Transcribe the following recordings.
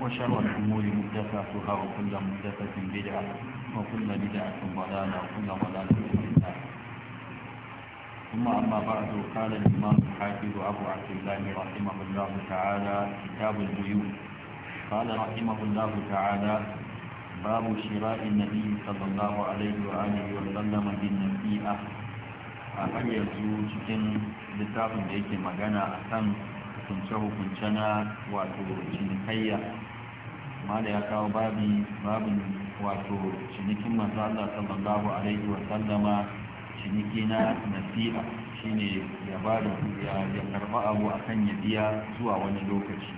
وشر الأمور محدثاتها وكل محدثة بدعة وكل بدعة ضلالة وكل ضلالة في النار ثم أما بعد قال الإمام الحافظ أبو عبد الله رحمه الله تعالى كتاب البيوت قال رحمه الله تعالى باب شراء النبي صلى الله عليه وآله وسلم بالنسيئة har yanzu cikin littafin da yake magana a kan hukunce-hukunce na wato cinikayya mala ya kawo babi babin wato cinikin manzo Allah sallallahu alaihi wa sallama ciniki na nasi'a shine ya ba da ya karba abu akan ya biya zuwa wani lokaci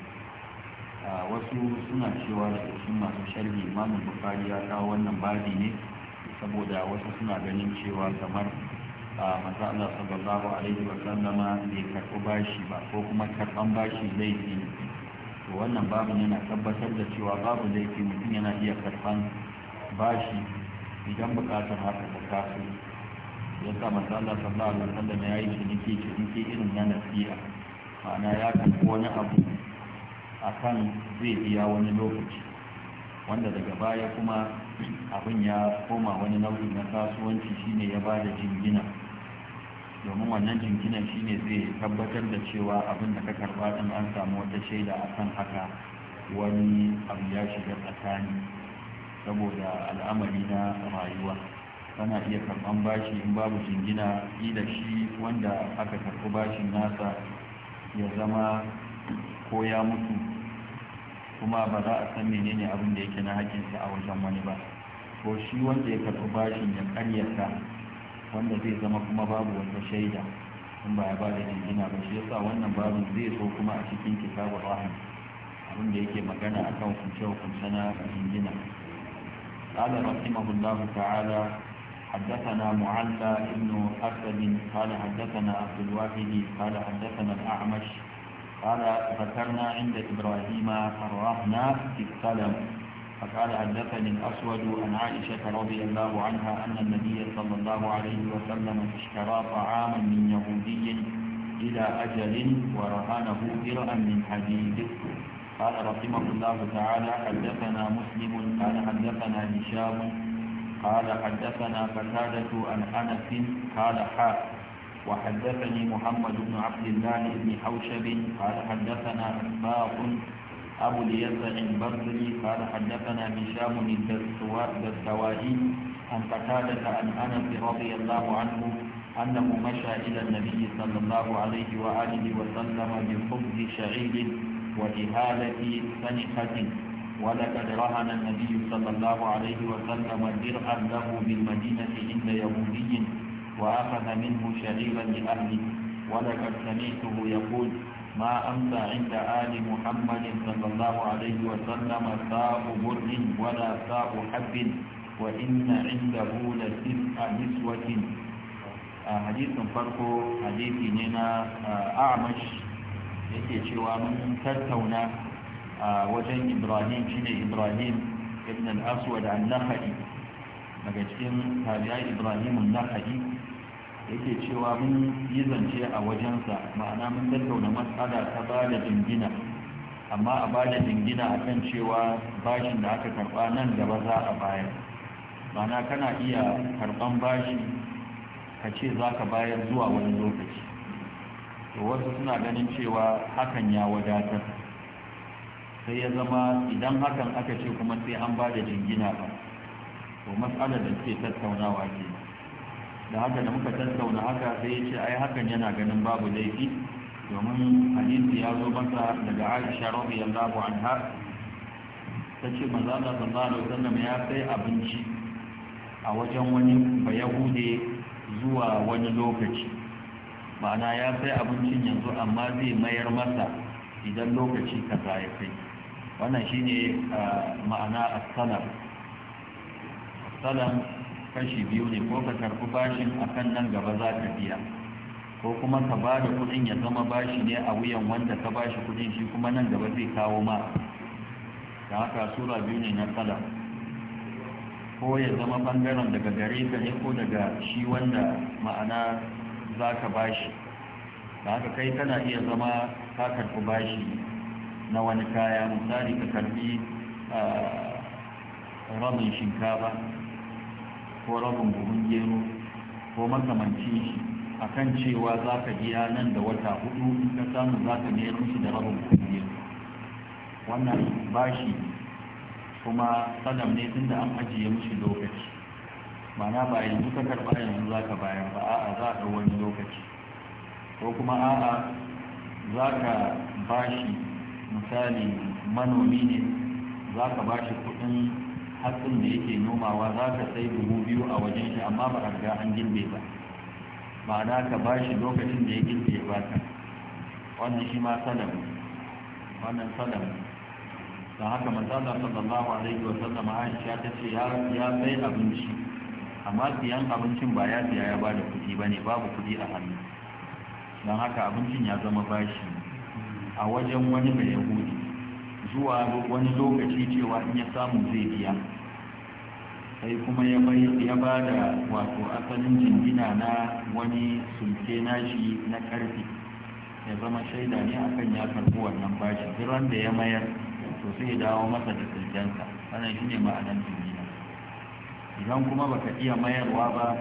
wasu suna cewa da cikin masu sharhi imamu bukari ya kawo wannan babi ne saboda wasu suna ganin cewa kamar manzo Allah sallallahu alaihi wa sallama bai karɓi bashi ba ko kuma karban bashi zai ne to wannan babin yana tabbatar da cewa babu yake mutum yana iya karfan bashi idan bukatar haka ta kasu ya sa matsala sallallahu alaihi wasallam ya yi ciniki ke irin na nasiya ma'ana ya karɓi wani abu akan zai biya wani lokaci wanda daga baya kuma abin ya koma wani nau'i na kasuwanci shine ya ba da jingina domin wannan jinkinan shine zai tabbatar da cewa abin da ka karba din an samu wata shaida a kan haka wani abu ya shiga tsakani saboda al'amari na rayuwa kana iya karban bashi in babu jingina ila shi wanda aka karbi bashin nasa ya zama ko ya mutu kuma ba za a san menene abin da yake na hakinsa a wajen wani ba ko shi wanda ya karbi bashin ya karyata wanda zai zama kuma babu wata shaida in ba ya ba da jingina ba shi yasa wannan babu zai so kuma a cikin kitabu rahim abin da yake magana kan hukunce hukunce na jingina قال رحمه الله تعالى حدثنا معلى بن أسد قال حدثنا عبد الواحد قال حدثنا الأعمش قال ذكرنا عند إبراهيم الرهن في السلم فقال حدثني الأسود عن عائشة رضي الله عنها أن النبي صلى الله عليه وسلم اشترى طعاما من يهودي إلى أجل ورهانه درءا من حديد قال رحمه الله تعالى حدثنا مسلم قال حدثنا هشام قال حدثنا فسادة عن أنس قال حاء وحدثني محمد بن عبد الله بن حوشب قال حدثنا أسباط أبو اليسع البرزلي قال حدثنا هشام الدواهي عن قتادة عن أنس رضي الله عنه أنه مشى إلى النبي صلى الله عليه وآله وسلم بخبز شعير وجهالة سنخة ولقد رهن النبي صلى الله عليه وسلم درعا له بالمدينة عند يهودي وأخذ منه شعيرا لأهله ولقد سمعته يقول ما أمسى عند آل محمد صلى الله عليه وسلم ساء بر ولا ساء حب وإن عنده لتسع نسوة حديث فرقه حديث نينا أعمش yake cewa mun tattauna a wajen ibrahim shine ibrahim ibn al-aswad an daga cikin tabi'ai ibrahim an yake cewa mun yi zance a wajensa ma'ana mun tattauna matsala ta ba da jingina amma a ba da jingina a kan cewa bashin da aka karba nan gaba za a bayar ma'ana kana iya karban bashi ka ce za ka bayar zuwa wani lokaci to wasu suna ganin cewa hakan ya wadatar sai ya zama idan hakan aka ce kuma sai an ba da jingina ba to matsalar da ke tattaunawa ke da haka da muka tattauna haka sai ya ce ai hakan yana ganin babu laifi domin hadisi ya zo masa daga aisha yallahu anha ta ce manzo Allah sallallahu alaihi wasallam ya kai abinci a wajen wani bayahude zuwa wani lokaci ma'ana ya sai abincin yanzu amma zai mayar masa idan lokaci kaza ya kai wannan shine ah, ma'ana as-salam as-salam kashi biyu ne ko ka karɓi bashin a kan nan gaba za ka biya ko kuma ka ba da kuɗin ya zama bashi ne a wuyan wanda ka bashi kuɗin shi kuma nan gaba zai kawo ma da haka sura biyu ne na kala ko ya zama bangaren daga gare ka ne ko daga shi wanda ma'ana za ka bashi da haka kai kana iya zama ka karɓi bashi na wani kaya misali ka karɓi ah, ramin shinkafa ko rabin buhun gero ko makamanci shi kan cewa za ka biya nan da wata hudu ka samu za ka biya mishi da rabin buhun gero wannan bashi kuma sadam ne tun da an ajiye mishi lokaci mana ba yanzu ka karɓa yanzu za ka bayan ba a'a za a wani lokaci ko kuma a'a za ka bashi misali manomi ne za ka bashi kuɗin hatsin da yake nomawa za ka sai dubu biyu a wajen shi amma ba a ga an girbe ba ba da ka ba shi lokacin da ya girbe ba ka. wannan shi ma salamu wannan salamu don haka manzana sallallahu alaihi wa sallam aisha ta ce ya sai abinci amma siyan abincin ba ya siya ya ba da kuɗi ba ne babu kuɗi a hannu don haka abincin ya zama bashi a wajen wani mai yahudi zuwa wani lokaci cewa in ya samu zai biya sai kuma ya ba da wato asalin jingina na wani sulke nashi na karfi ya zama shaida ne akan ya karbi wannan bashi duran da ya mayar to sai ya dawo masa da sulkensa wannan shine ma'anar jingina idan kuma baka iya mayarwa ba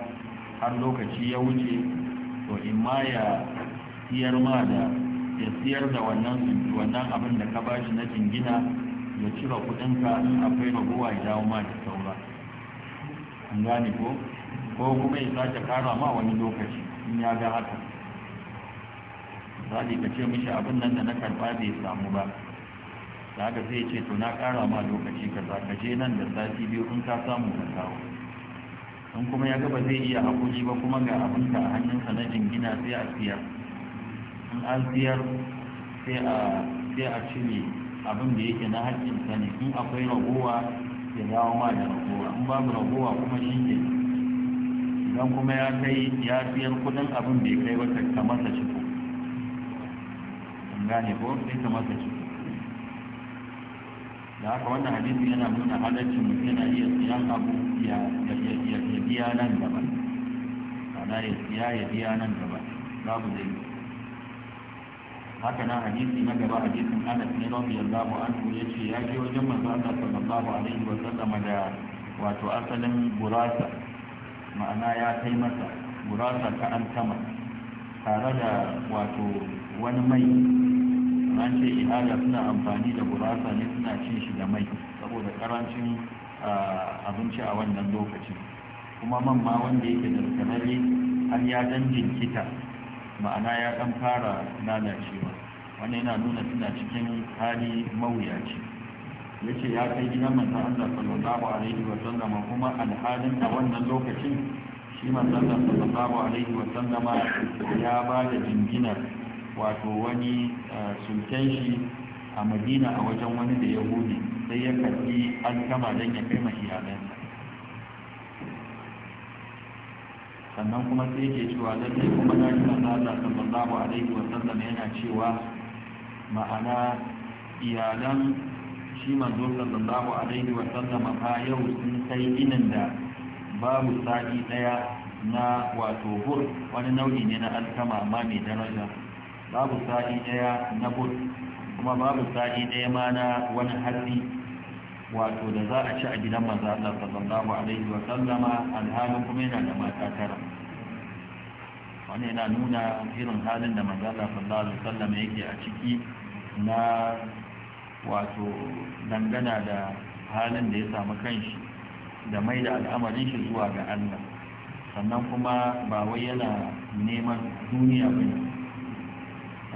har lokaci ya wuce to in ma ya siyar ma da ya siyar da wannan wannan abin da ka bashi na jingina ya cire kudinka in akwai raguwa ya dawo ma da saura an gane ko ko kuma ya sake kara ma wani lokaci in ya ga haka misali ka ce mishi abin nan da na karba bai samu ba da haka sai ce to na kara ma lokaci ka za ka je nan da sati biyu in ka samu ka kawo in kuma ya gaba zai iya hakuri ba kuma ga abinka a hannunsa na jingina sai a siyar in an siyar sai a cire abin da yake na haƙƙin sani in akwai ragowa ya dawo ma da ragowa in babu ragowa kuma shi ne idan kuma ya kai ya siyar kudin abin da ya kai ba ta masa ciko in gane ko sai ta masa ciko da haka wannan hadisi yana nuna halaccin mutum yana iya siyan abu ya biya nan gaba ana ya siya ya biya nan gaba babu zai haka na hadisi na gaba hadisin Anas ne radiyallahu anhu yace ya je wajen manzo Allah sallallahu alaihi wa sallam da wato asalin burasa ma'ana ya kai masa burasa ta alkama tare da wato wani mai an ce ihada suna amfani da burasa ne suna cin shi da mai saboda karancin abinci a wannan lokacin kuma man ma wanda yake da har ya dan jinkita ma'ana ya dan fara lalacewa wani yana nuna suna cikin hali mawuyaci ya ce ya kai gidan manzan Allah sallallahu alaihi wa sallama kuma alhalin a wannan lokacin shi manzan Allah sallallahu alaihi wa sallama ya ba da jinginar wato wani eh, sultan shi a madina a wajen wani da yahudi sai ya karbi an kama don ya kai mahiyalansa sannan kuma sai ke cewa lallai kuma na ji manzan Allah sallallahu alaihi wa sallama yana cewa ma'ana iyalan shi manzo sallallahu alaihi wa sallama ba yau sun kai inin da babu sa'i daya na wato bur wani nau'i ne na alkama amma mai daraja babu sa'i daya na bur kuma babu sa'i daya ma na wani hatsi wato da za a ci a gidan maza Allah sallallahu alaihi wa sallama alhalin kuma yana da mata tara wani yana nuna irin halin da maza Allah sallallahu alaihi wa sallama yake a ciki na wato dangana da halin da ya samu kanshi da mai da al'amarin shi zuwa ga Allah sannan kuma ba wai yana neman duniya ba ne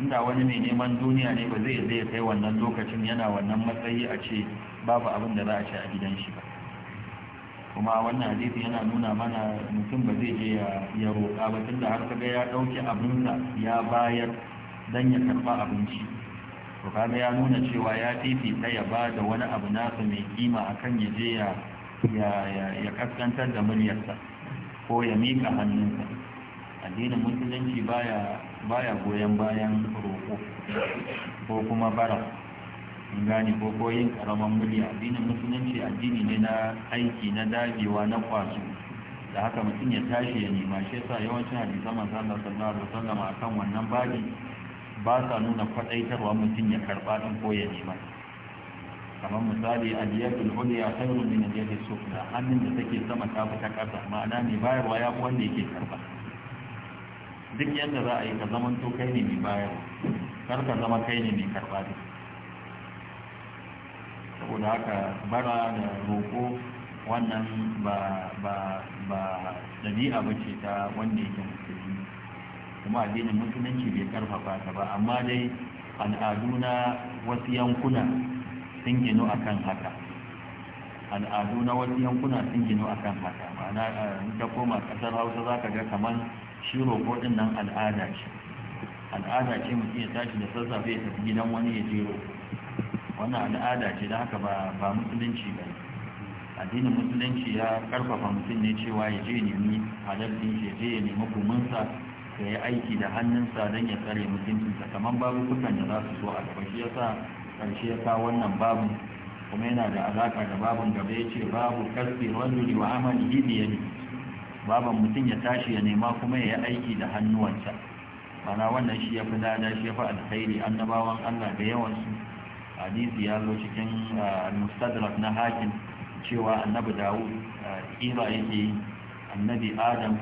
inda wani mai neman duniya ne ba zai zai kai wannan lokacin yana wannan matsayi a ce babu abin da za a ce a gidan shi ba kuma wannan hadisi yana nuna mana mutum ba zai je ya roƙa ba tunda har kaga ya ɗauki abinsa ya bayar don ya karɓa abinci to kaga ya nuna cewa ya fifita ya ba da wani abu nasa mai kima akan ya je ya kaskantar da muryarsa ko ya mika hannunsa addinin musulunci baya goyon bayan roƙo ko kuma bara in gane ko koyin yin murya addinin musulunci addini ne na aiki na dagewa na kwaso da haka mutum ya tashi ya nema shi yasa yawancin hadisan manzon Allah sallallahu alaihi wasallam akan wannan babi ba sa nuna kwaɗaitarwa mutum ya karɓa ɗin ko ya nema kamar misali aliyatul uliya khairun min aliyati sufla hannun da take sama ta ta ƙasa ma'ana mai bayarwa ya wanda yake karɓa duk yadda za a yi ka zama to kai ne mai bayarwa kar ka zama kai ne mai karɓa ne. saboda haka bara da roƙo wannan ba ɗabi'a ba ce ta wanda yake mutum kuma addinin musulunci bai karfafa ta ba amma dai al'adu na wasu yankuna sun gino akan haka al'adu na wasu yankuna sun gino akan haka ma'ana eh, in ka koma kasar hausa za ka ga kamar shi roƙo ɗin nan al'ada ce al'ada ce mutum ya tashi da sassafe ya tafi gidan wani ya je wannan al'ada ce da haka ba musulunci ba addinin musulunci ya karfafa mutum ne cewa ya je nemi halar shi ya je ya nemi kuminsa ya yi aiki da hannunsa don ya tsare mutuncinsa kamar babu kusan da za su zo a gaba shi yasa karshe ya kawo wannan babu kuma yana da alaka da babun gaba ya ce babu karfe ne wa amalihi baban mutum ya tashi ya nema kuma ya yi aiki da hannuwansa mana wannan shi ya fi dada shi ya fi alkhairi annabawan Allah da yawansu hadisi ya zo cikin ah, al na hakim cewa annabi Dawud ah, kira yake annabi Adam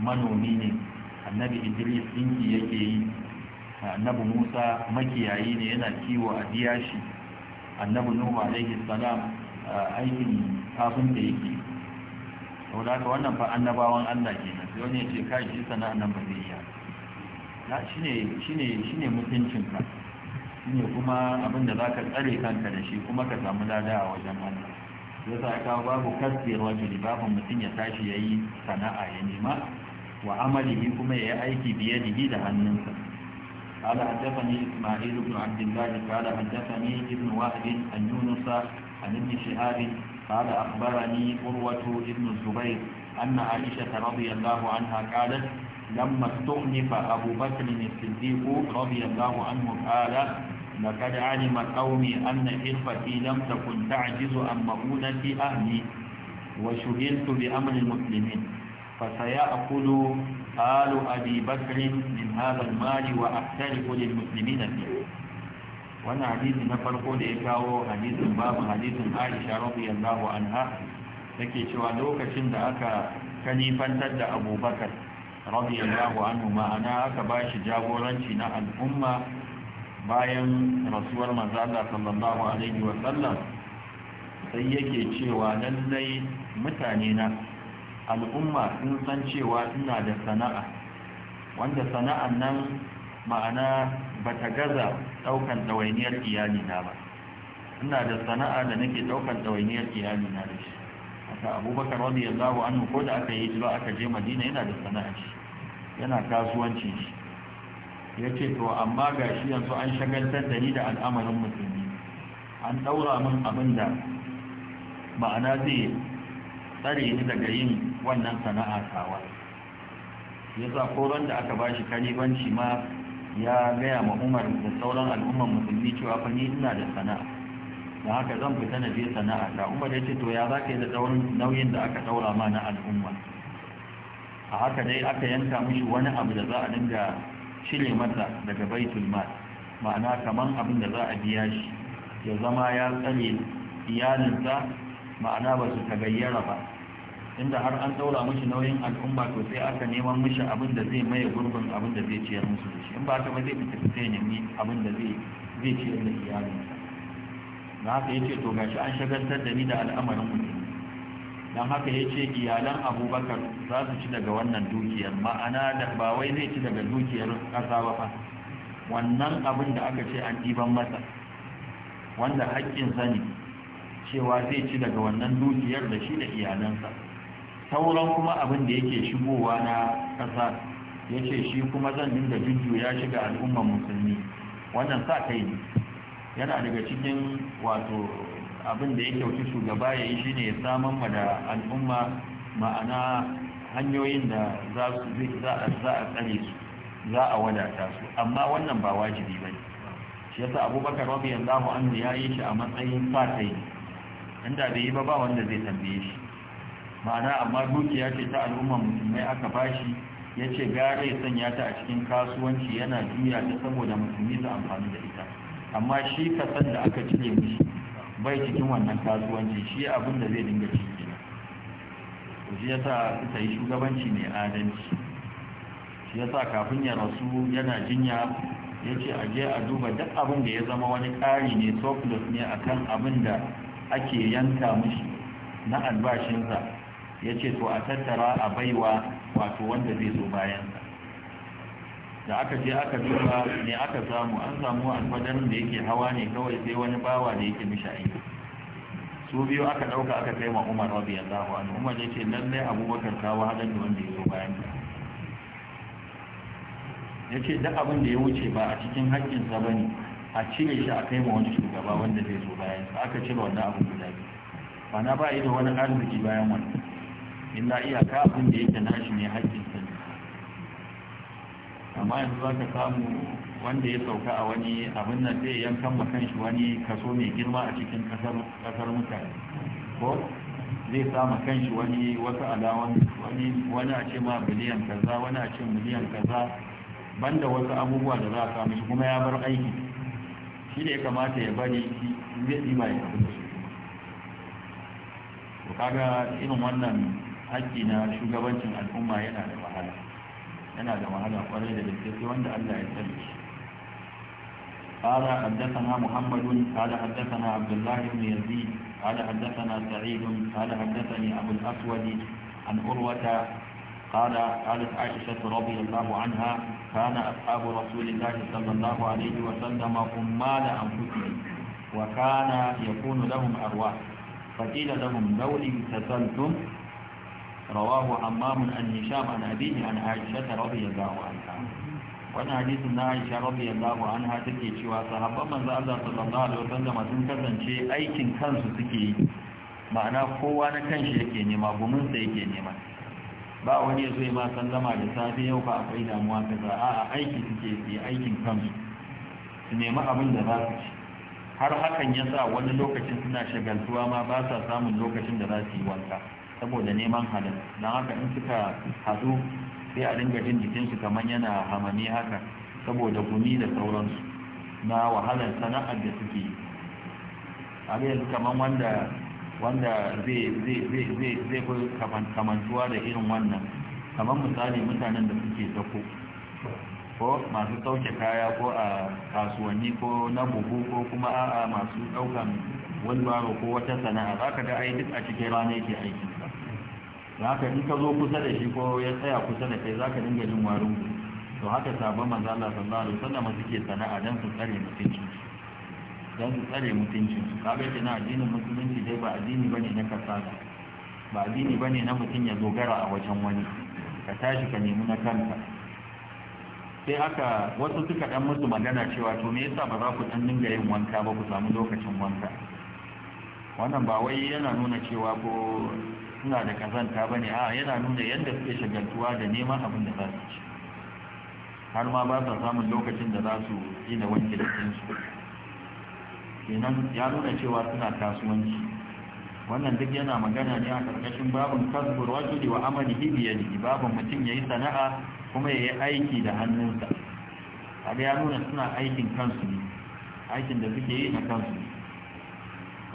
manomi ne annabi idris dinki yake yi annabi musa makiyayi ne yana kiwo a diyashi annabi nuhu alaihi salam aikin kafin da yake sau da haka wannan fa annabawan allah ke nan sai wani ya ce kai shi sana nan ba zai iya shi ne mutuncinka shi ne kuma abin da za ka tsare kanka da shi kuma ka samu lada a wajen allah yasa ya kawo babu kasbiyar wajibi babu mutum ya tashi ya yi sana'a ya nema وعمله كما يأيكي بيده لهنم قال حدثني إسماعيل بن عبد الله قال حدثني ابن وهب أن يونس عن ابن شهاب قال أخبرني قروة ابن الزبير أن عائشة رضي الله عنها قالت لما استغنف أبو بكر الصديق رضي الله عنه قال لقد علم قومي أن إخوتي لم تكن تعجز عن مؤونة أهلي وشهدت بأمر المسلمين فسيأكل آل أبي بكر من هذا المال وأحترق للمسلمين فيه وانا حديث نفرقو لإكاو حديث باب حديث عائشة رضي الله عنها لكي شوالوك شند أكا كنيفا تد أبو بكر رضي الله عنه ما أنا أكا باش جابورا شناء الأمة bayan rasuwar manzala sallallahu alaihi wasallam sai yake cewa lallai mutane na al'umma sun san cewa ina da sana'a wanda sana'an nan ma'ana ba ta gaza ɗaukan ɗawainiyar iyalina ba ina da sana'a da nake ɗaukan ɗawainiyar iyalina da shi aka abubakar wani ya zawo an ko da aka yi hijira aka je madina yana da sana'a shi yana kasuwancin shi ya ce to amma ga shi yanzu an shagaltar da ni da al'amarin musulmi an ɗaura min abin da ma'ana zai tsare ni daga yin wannan sana'a tawa sa koron da aka bashi kalibanci ma ya gaya ma umar da sauran al'ummar musulmi cewa fa ni ina da sana'a da haka zan fita na je sana'a ta umar ya ce to ya za ka yi da daurin nauyin da aka daura ma na al'umma a haka dai aka yanka mishi wani abu da za a dinga shirya masa daga baitul mal ma'ana kaman abin da za a biya shi ya zama ya tsare iyalinsa ma'ana ba su tagayyara ba inda har an daura mishi nauyin al'umma to sai aka neman mishi abin da zai maye gurbin abin da zai ciyar musu da shi in ba ta ba zai fita fita ya nemi abin da zai zai ciyar da iyalinsa na haka yace to gashi an shagaltar da ni da al'amarin mutum dan haka yace iyalan Abubakar za su ci daga wannan dukiyar ma'ana da ba wai zai ci daga dukiyar kasa ba fa wannan abin da aka ce an diban masa wanda haƙƙin sani cewa zai ci daga wannan dukiyar da shi da iyalansa sauran kuma abin da yake shigowa na ƙasa ya ce shi kuma zan dinga jujjuya ya shiga al'ummar musulmi wannan sa kai ne yana daga cikin wato abin da ya kyauci shugaba ya yi shi ne ya ma da al'umma ma'ana hanyoyin da za a tsare su za a wadata su amma wannan ba wajibi ba ne shi yasa abubakar rabi yanzu ya yi shi a matsayin sa kai inda bai yi ba ba wanda zai tambaye shi ma'ana amma dukiya ce ta al'umma musulmai aka bashi ya ce gara ya sanya ta a cikin kasuwanci yana juya ta saboda musulmi su amfani da ita amma shi kasan da aka cire mishi bai cikin wannan kasuwanci shi abin da zai dinga ci kenan to shi yasa suka yi shugabanci mai adalci shi yasa kafin ya rasu yana jinya ya ce a je a duba duk abin da ya zama wani ƙari ne surplus ne akan abin da ake yanka mishi na albashinsa ya ce to a tattara a baiwa wato wanda zai zo bayansa da aka je aka duba ne aka samu an samu alfadar da yake hawa ne kawai sai wani bawa da yake mishi aiki su biyu aka ɗauka aka kai ma umar rabi allahu an umar ya ce lallai abubakar kawo hadar da wanda ya zo bayan ya ce duk abin da ya wuce ba a cikin haƙƙinsa ba ne a cire shi a kai ma wani shugaba wanda zai zo bayan sa aka cire wannan abu guda biyu ba na ba yi da wani arziki bayan wannan illa iyaka abin da yake nashi ne haƙƙin sani amma yanzu za ka samu wanda ya sauka a wani abin nan zai yankan makan shi wani kaso mai girma a cikin kasar mutane ko zai sama kan shi wani wasu alawan wani a ce ma biliyan kaza wani a ce miliyan kaza banda wasu abubuwa da za a samu shi kuma ya bar aiki shi da ya kamata ya bari zai ɗiba ya tafi da su kaga irin wannan Hajji na shugabancin al'umma yana da wahala yana da wahala kwarai da gaske wanda Allah ya sani shi qala haddathana muhammadun qala haddathana abdullah ibn yazid qala haddathana sa'id qala haddathani abu al-aswad an urwata qala qalat aisha radhiyallahu anha kana ashabu rasulillahi sallallahu alayhi wa sallam ummal anfusihim wa kana yakunu lahum arwah فقيل لهم لو انتزلتم rawahu hammam an hisham an abihi an aisha radiyallahu anha Wani hadisin na aisha an anha take cewa sahabban manzo Allah sallallahu alaihi wasallam sun kasance aikin kansu suke yi ma'ana kowa na kanshi yake nema gumin sa yake nema ba wani ya zo ma sallama da safe yau ba akwai damuwa kaza a'a aiki suke yi aikin kansu su nemi abin da za su ci har hakan ya sa wani lokacin suna shagaltuwa ma ba sa samun lokacin da za su yi wanka saboda neman halin don haka in suka hadu sai a dinga jin jikinsu kamar yana hamani haka saboda gumi da sauransu na wahalar sana'ar da suke yi a yanzu kamar wanda wanda zai fi kamantuwa da irin wannan kamar misali mutanen da suke sako ko masu sauke kaya ko a kasuwanni ko na buhu ko kuma a masu daukan wani baro ko wata sana'a za ka ga ai duk a cikin rana yake aiki za ka in ka zo kusa da shi ko ya tsaya kusa da kai za ka dinga jin warin to haka sabon manzo Allah sallallahu alaihi wasallam suke sana'a dan su tsare mutunci dan su tsare mutunci ga kina addinin musulunci dai ba addini bane na kasada ba addini bane na mutun ya dogara a wajen wani ka tashi ka nemi na kanka sai aka wasu suka dan musu magana cewa to me yasa ba za ku dan dinga yin wanka ba ku samu lokacin wanka wannan ba wai yana nuna cewa ko suna da kazanta ba ne a yana nuna yadda suke shagaltuwa da neman abin da za su ci har ma ba sa samun lokacin da za su yi da wanke da cinsu kenan ya nuna cewa suna kasuwanci wannan duk yana magana ne a karkashin babin kasbur wajuli wa amalihi bi yadihi babin mutum yi sana'a kuma ya yi aiki da hannunsa ga ya nuna suna aikin kansu ne aikin da suke yi na kansu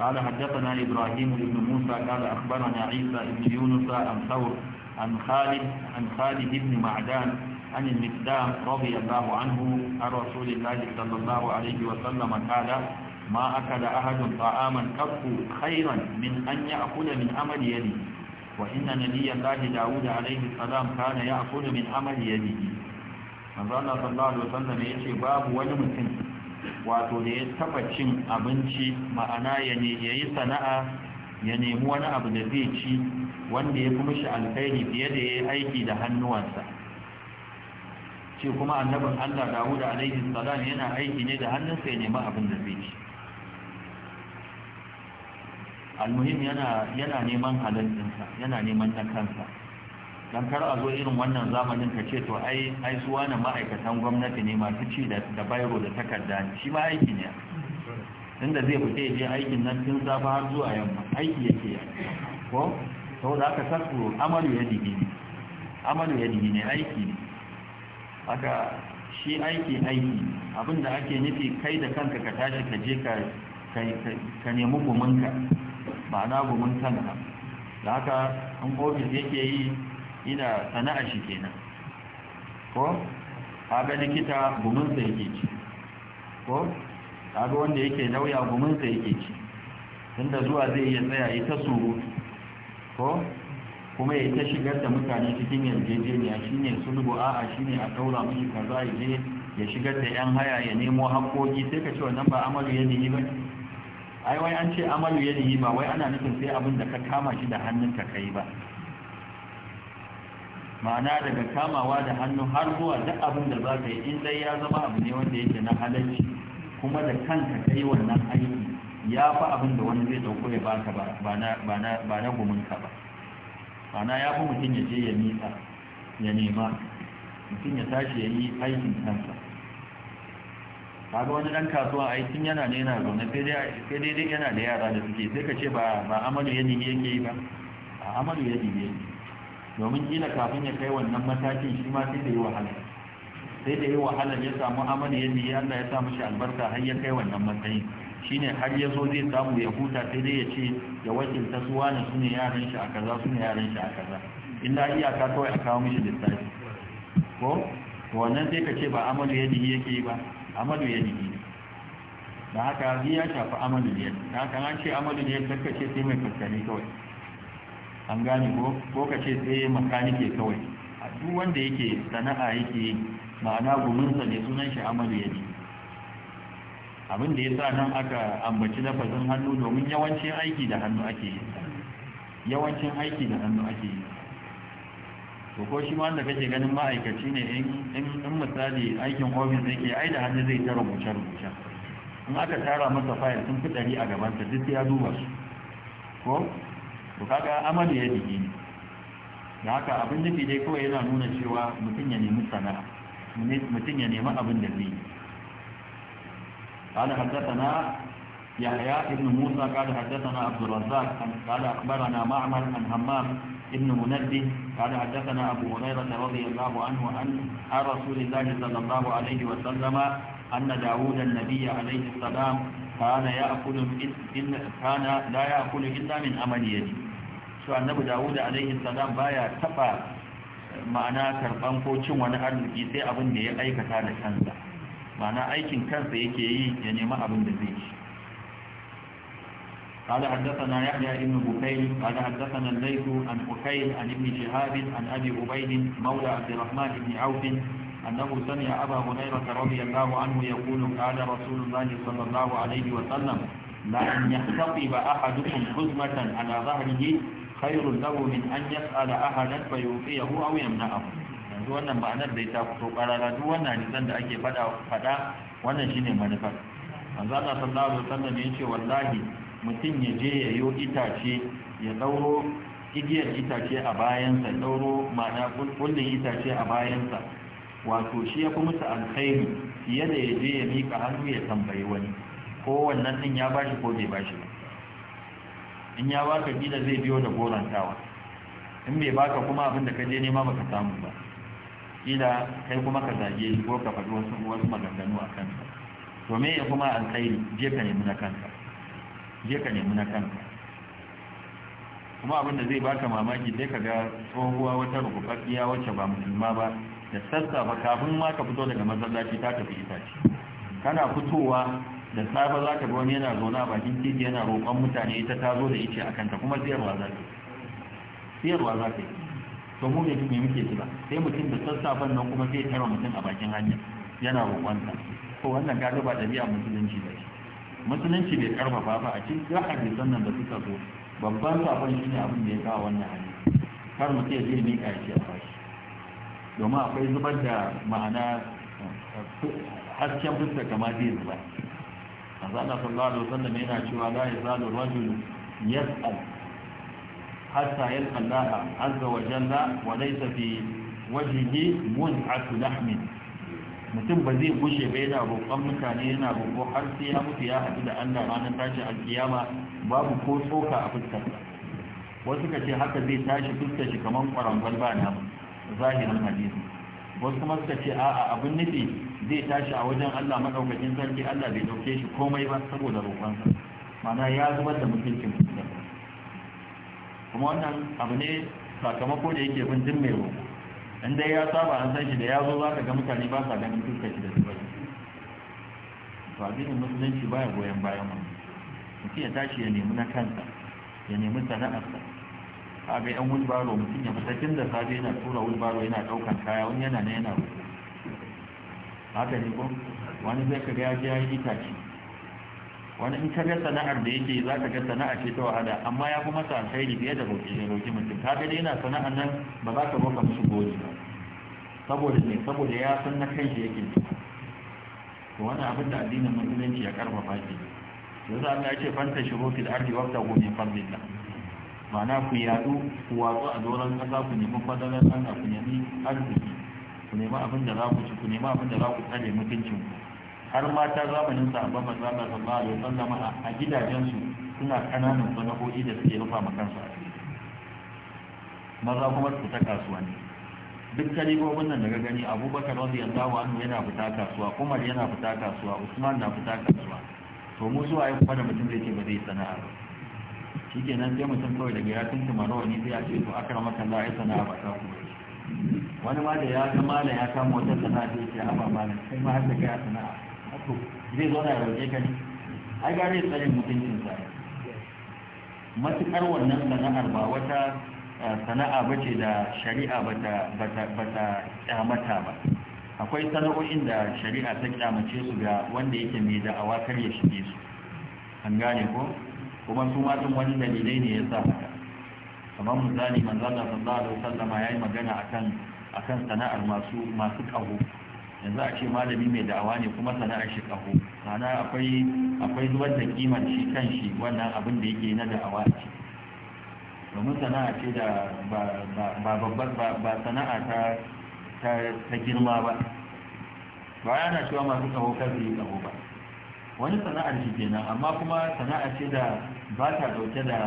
قال حدثنا إبراهيم بن موسى قال أخبرنا عيسى بن يونس عن ثور عن خالد عن خالد بن معدان عن المقدام رضي الله عنه عن رسول الله صلى الله عليه وسلم قال ما أكل أحد طعاما قط خيرا من أن يأكل من عمل يده وإن نبي الله داود عليه السلام كان يأكل من عمل يده الله صلى الله عليه وسلم يشي باب ولم يكن wato da ya taba cin abinci ma'ana ya yi sana'a ya nemi wani abu da zai ci wanda ya fi mishi alkhairi fiye da ya yi aiki da hannuwansa ce kuma annabin allah dawuda alaihi salam yana aiki ne da hannunsa ya nemi abin da zai ci almuhim yana neman halittinsa yana neman na kansa dan kar a zo irin wannan zamanin ka ce to ai ai su wani ma'aikatan gwamnati ne masu ci da da bairo da takarda ne shi ma aiki ne inda zai fita je aikin nan tun safa har zuwa yamma aiki yake ya ko da aka sarku amalu ya dige ne amalu ya dige ne aiki ne aka shi aiki aiki abinda ake nufi kai da kanka ka tashi ka je ka ka nemi ba na gumin kanka da haka in ofis yake yi ina sana'a shi kenan ko kaga likita sa yake ci ko ga wanda yake lauya sa yake ci tunda zuwa zai iya tsaya yi ta surutu ko kuma ya ta shigar da mutane cikin yarjejeniya shine sulhu a'a shine a taura mishi kaza ya je ya shigar da yan haya ya nemo haƙoƙi sai ka ce wannan ba amalu ya nihi ba ai wai an ce amalu ya nihi ba wai ana nufin sai abin da ka kama shi da hannunka kai ba ma'ana daga kamawa da hannu har zuwa duk abin da za ka yi in dai ya zama abu ne wanda yake na halarci kuma da kanka ka yi wannan aiki ya fi abin da wani zai dauko ya baka ba na ka ba ma'ana ya fi mutum ya je ya nisa ya nema mutum ya tashi ya yi aikin kansa kaga wani dan kasuwa aikin yana ne yana zaune sai dai yana da yara da suke sai ka ce ba amalu ya yake yi ba amalu ya nige domin ina kafin ya kai wannan matakin shi ma sai da yi wahala sai da yi wahala ya samu amana ya yi Allah ya samu shi albarka har ya kai wannan matsayi shine har ya zo zai samu ya huta sai dai ya ce ya wakilta su wani su ne yaran shi a kaza su ne yaran shi a kaza illa ka kawai a kawo mishi littafi. ko wannan sai ka ce ba amalu ya dihi yake ba amalu ya dihi da haka ya shafi amalu ne da haka an ce amalu ne ya ce sai mai fuskani kawai an gane ko ka ce tsaye makanike kawai a duk wanda yake sana'a yake ma'ana gurinsa ne sunan shi amalu ya abin da ya sa nan aka ambaci lafazin hannu domin yawancin aiki da hannu ake yi yawancin aiki da hannu ake yi to ko shi ma wanda kake ganin ma'aikaci ne in misali aikin ofis yake ai da hannu zai ta rubuce-rubuce in aka tara masa fayil sun fi ɗari a gabansa duk ya duba su ko to kaga amalu ya digi da haka abin nufi dai kawai yana nuna cewa mutum ya nemi sana'a mutum ya nemi abin da zai yi قال حدثنا يحيى بن موسى قال حدثنا عبد الرزاق قال أخبرنا معمر عن همام بن منبه قال حدثنا أبو هريرة رضي الله عنه عن رسول الله صلى الله عليه وسلم أن داوود النبي عليه السلام كان يأكل كان لا يأكل إلا من أمل يده cewa annabi dawud alaihi salam baya taba ma'ana karban ko cin wani arziki sai abin da ya aikata da kansa ma'ana aikin kansa yake yi ya nemi abin da zai ci قال حدثنا يحيى بن بكير قال حدثنا الليث عن بكير عن ابن شهاب عن ابي عبيد مولى عبد الرحمن بن عوف انه سمع ابا هريره رضي الله عنه يقول قال رسول الله صلى الله عليه وسلم لأن يختطب أحدكم حزمة على ظهره khairul lahu min an yas'ala ahadan fa yufiyahu aw yamna'ahu yanzu wannan ma'anar da ta fito karara duk wannan hadisan da ake fada fada wannan shine manufar manzo Allah sallallahu alaihi wasallam ya ce wallahi mutum ya je ya yo itace ya dauro igiyar itace a bayansa dauro ma'ana kullun itace a bayansa wato shi ya fi ta alkhairi fiye da ya je ya mika hannu ya tambayi wani ko wannan din ya bashi ko bai bashi ba in ya baka kila zai biyo da gorantawa in bai baka kuma abin da ka je nema baka samu ba kila kai kuma ka zage shi ko ka faɗi wasu wasu maganganu a kanka. to me ya kuma alkhairi je ka nemi na kanka je ka nemi na kanka kuma abin da zai baka mamaki dai ka ga tsohuwa wata rubutaffiya wacce ba musulma ba da sassafa kafin ma ka fito daga masallaci ta tafi itace kana fitowa da safe za ka wani yana zaune a bakin titi yana roƙon mutane ita ta zo da ice a kanta kuma siyarwa za ka siyarwa za ka to mu ne kuma muke kira sai mutum da sassafen nan kuma sai tara mutum a bakin hanya yana roƙon ta to wannan kaga ba ɗabi'a musulunci ba ce musulunci bai karfafa ba a cikin hadisan sannan da suka zo babban safon ne abin da ya kawo wannan hanya kar mutum ya zai miƙa shi a bashi. domin akwai zubar da ma'ana eh, hasken fuskar kamar zai zuba manzana sallallahu alaihi wasallam yana cewa la yazalu rajul yas'al hatta yalqa Allah azza wa jalla wa laysa fi wajhihi mun'atu lahmin mutum ba zai gushe ba yana roƙon mutane yana roƙo har sai ya mutu ya haɗu da Allah ranar tashin alkiyama babu ko tsoka a fuskar wasu ka ce haka zai tashi fuskar shi kamar ƙwarangon ba na zahirin hadisi wasu kuma suka ce a'a abin nufi zai tashi a wajen Allah maɗaukacin sarki Allah bai dauke shi komai ba saboda roƙonsa mana ya zubar da mutuncin mutum kuma wannan abu ne sakamako da yake bin jin mai roƙo in dai ya saba an san shi da ya zo za ka ga mutane ba sa ganin tuka shi da zubar to addinin musulunci baya goyon bayan mu mutum ya tashi ya nemi na kansa ya nemi sana'arsa a ga yan wulbaro mutum ya fita tun da safe yana tura wulbaro yana ɗaukar kaya wani yana na yana roƙo haka ne ko wani zai ka ga ya yi itace wani in ka sana'ar da yake za ka ga sana'a ce ta wahala amma ya kuma sa alkhairi fiye da roƙi da roƙi mutum ka ga dai na sana'ar nan ba za ka roƙa musu goji ba saboda ne saboda ya san na kai shi yake to wani abin da addinin musulunci ya karfafa shi yanzu za ya ce fanta shi roƙi da ardi wata gobe min na ma'ana ku yadu ku watsu a doron kasa ku nemi fadalar Allah ku nemi arziki ku nemi abin da za ku ci ku nemi abin da za ku tsare mutuncin ku. har mata zamanin sahabban manzo Allah sallallahu alaihi wasallam a gidajensu suna kananan sana'o'i da suke rufa ma kansu maza kuma su kasuwa kasuwanni duk kalibobin nan daga gani abubakar radiyallahu anhu yana fita kasuwa umar yana fita kasuwa usman na fita kasuwa to mu zuwa yau kuma da mutum zai ce ba zai sana'a ba shikenan sai mutum kawai daga ya tuntuma rawani sai ya ce to akramaka Allah ya sana'a ba ta ku ba wani ma da ya ga da ya kama wata sana'a da yake haba mala kai ma har da kai sana'a zai zo na rauke ka ne ai gane tsarin mutuncin sa matukar wannan sana'ar ba wata eh, sana'a ba ce da shari'a ba ta kyamata ba akwai sana'o'in da shari'a ta kyamace su ga wanda yake mai da awakar ya shige su an gane ko kuma su matan wani dalilai ne ya sa haka kamar zani manzo Allah sallallahu alaihi wasallama yayi magana akan akan sana'ar masu masu kaho yanzu a ce malami mai da'awa ne kuma sana'ar shi kaho sana akwai akwai zubar da kiman shi kan shi wannan abin da yake na da'awa ce domin sana'a ce da ba ba ba sana'a ta ta girma ba ba yana cewa masu kaho kan su yi kaho ba wani sana'ar shi kenan amma kuma sana'a ce da ba ta dauke da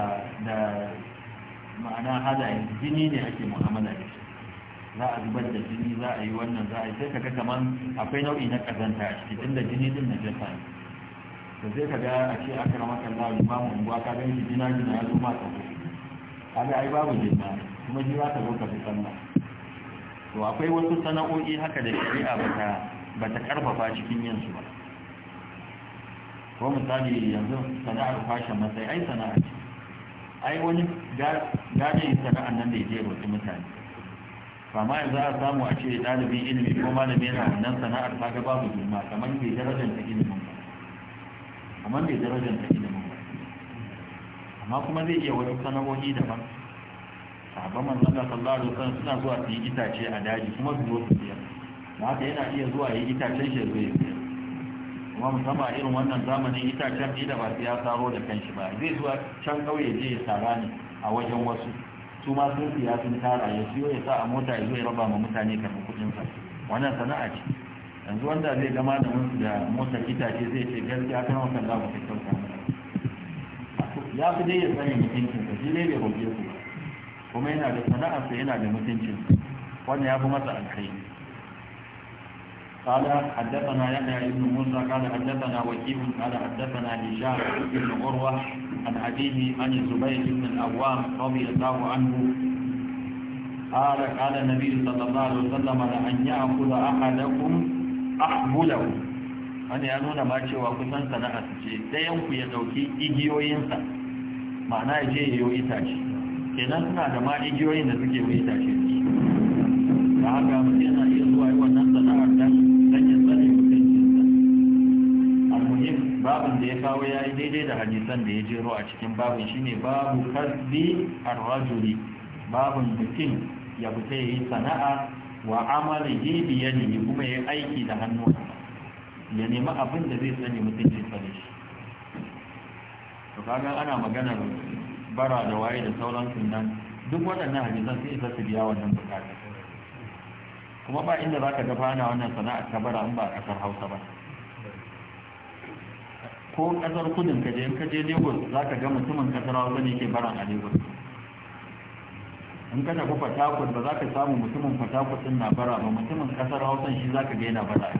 ma'ana yin jini ne ake mu'amala da shi za a zubar da jini za a yi wannan za a yi sai kaga kamar akwai nau'i na kazanta a ciki tunda jini din na jefa ne to sai kaga a ce aka rama kalla wani ba mu unguwa ka gani jina jina ya zo ma ka kaga ai babu jina kuma ji za ka zo ka fi sanna to akwai wasu sana'o'i haka da shari'a bata bata karfafa cikin yin su ba ko misali yanzu sana'ar fashin matsayi ai sana'a ce ai wani gane sana'a nan da ya je roƙi mutane ma yanzu a samu a ce ɗalibin ilimi ko malami yana wannan sana'ar kaga babu girma kamar bai darajar ta ilimin ba kamar bai darajar ta ilimin ba amma kuma zai iya wasu sana'o'i daban Sabon manzon da sallallahu alaihi wasallam suna zuwa su yi itace a daji kuma su zo su siyar da haka yana iya zuwa yi itacen shi zai siyar kuma musamman irin wannan zamanin itacen da ba ya saro da kanshi ba zai zuwa can kauye je ya sara ne a wajen wasu su ma sun siya sun tara ya siyo ya sa a mota ya zo ya raba ma mutane kafin kuɗin sa wannan sana'a ce yanzu wanda zai gama da musu da motar itace zai ce gaskiya kan wannan za mu fi kyauta ya fi dai ya sani mutuncin sa shi dai bai roƙe su kuma yana da sana'arsa yana da mutuncin wannan ya fi masa alkhairi قال حدثنا يحيى بن موسى قال حدثنا وكيع قال حدثنا هشام بن عروه عن ابيه عن الزبير بن الاوام رضي الله عنه قال قال النبي صلى الله عليه وسلم لأن يأخذ أحدكم أحبله wani ya nuna ma cewa kusan sana'a su ce ɗayanku ya ɗauki igiyoyinsa ma'ana ya je ya yi itace kenan suna da ma igiyoyin da suke yi itace da haka mutum yana iya zuwa yi wannan sana'ar dan babin da ya kawo ya yi daidai da hadisan da ya jero a cikin babin shine babu kasbi ar-rajuli babin mutum ya fita yi sana'a wa amalihi bi yadihi kuma ya aiki da hannu ya nemi abin da zai sani mutum ya sani shi to kaga ana maganar bara da waye da sauran sunan duk waɗannan hadisan sai isa su biya wannan bukata kuma ba inda zaka ga fana wannan sana'a ta bara in ba a ƙasar Hausa ba ko kasar kudin ka je ka je lagos za ka ga mutumin kasar hausa ne ke baran a lagos in ka tafi fatakot ba za ka samu mutumin fatakot din na bara ba mutumin kasar hausa shi za ka ga yana bara a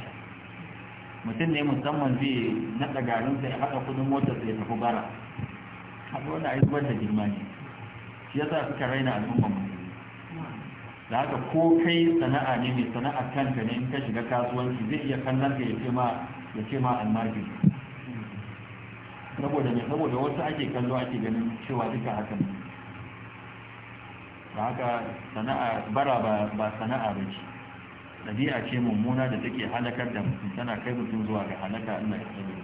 mutum ne musamman zai naɗa garinsa ya haɗa kudin motar sai ya tafi bara haka wani a zubar da girma ne shi sa suka raina al'umma mu da haka ko kai sana'a ne mai sana'a kanka ne in ka shiga kasuwanci zai iya kallon ka ya ce ma almajiri saboda ne saboda wasu ake kallo ake ganin cewa duka hakan Ba haka sana'a bara ba sana'a ba ce ɗabi'a ce mummuna da take halakar da mutum tana kai mutum zuwa ga halaka Allah ya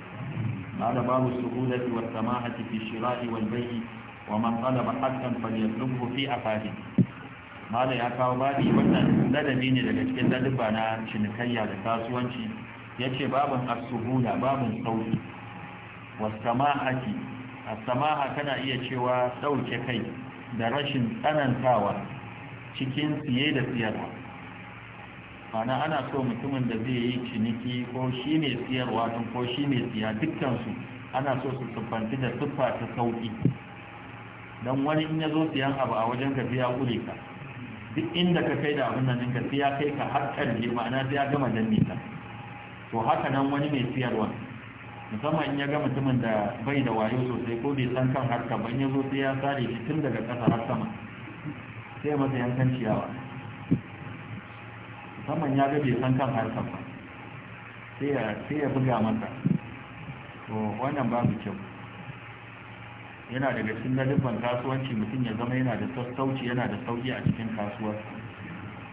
ba da babu suhulati wa samahati fi shira'i wal bai'i wa man talaba haqqan falyatlubu fi afadi mala ya kawo babi wannan ladabi ne daga cikin ladabba na cinikayya da kasuwanci yace babun as-suhula babun sauki wasama'ati as kana iya cewa dauke kai da rashin tsanantawa cikin siye da siyarwa mana ana so mutumin da zai yi ciniki ko shi ne siyarwa tun ko shi ne siya dukkansu ana so su siffanci da siffa ta sauƙi don wani in ya zo siyan abu a wajen ka biya ƙure ka duk inda ka kai da abin nan ka siya kai ka har ƙarfe ma'ana siya gama danne nisa. to haka nan wani mai siyarwa musamman in ya ga mutumin da bai da wayo sosai ko bai san kan harka ban ya zo sai ya sare shi tun daga ƙasa har sama sai masa yankan ciyawa musamman ya ga bai san kan harka ba sai ya buga masa to wannan babu kyau yana daga cikin ladabban kasuwanci mutum ya zama yana da sassauci yana da sauki a cikin kasuwar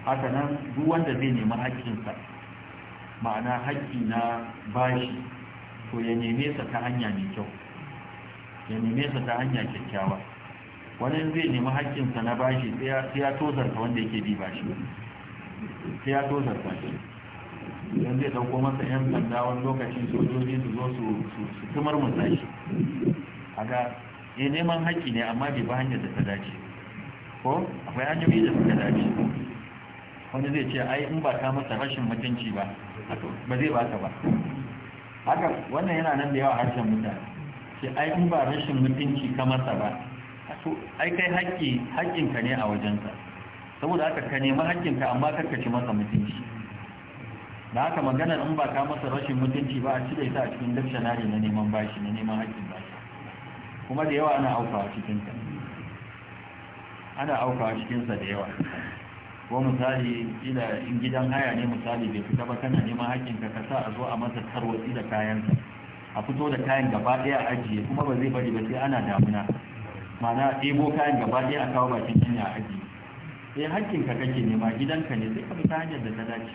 haka nan duk wanda zai nemi haƙƙinsa ma'ana haƙƙi na bashi to ya neme sa ta hanya mai kyau ya neme sa ta hanya kyakkyawa wani zai nemi haƙƙinsa na bashi sai ya tozarta wanda yake bi bashi sai ya tozarta shi Idan zai dauko masa yan sanda wani lokacin sojoji su zo su tumar mutsa shi a ga ya eh, neman haƙƙi ne amma bai ba hanyar da ta dace ko akwai hanyoyi da suka dace wani zai ce ai in ba ka masa rashin mutunci ba ba zai baka ba haka wannan yana nan da yawa harshen mutane shi ai in ba rashin mutunci ka masa ba to ai kai haƙƙi haƙƙinka ne a wajensa saboda haka ka nemi haƙƙinka amma karka ci masa mutunci da haka magana in ba ka masa rashin mutunci ba a cire ta a cikin dictionary na neman bashi na neman haƙƙin bashi kuma da yawa ana aukawa ka ana aukawa cikinsa da yawa ko misali ila in gidan haya ne misali bai fita ba kana neman haƙƙinka ka sa a zo a masa tarwatsi da kayansa a fito da kayan gaba daya a ajiye kuma ba zai bari ba sai ana damuna mana ɗebo kayan gaba daya a kawo bakin hanya a ajiye sai ka kake nema gidanka ne sai ka fita hanyar da ta dace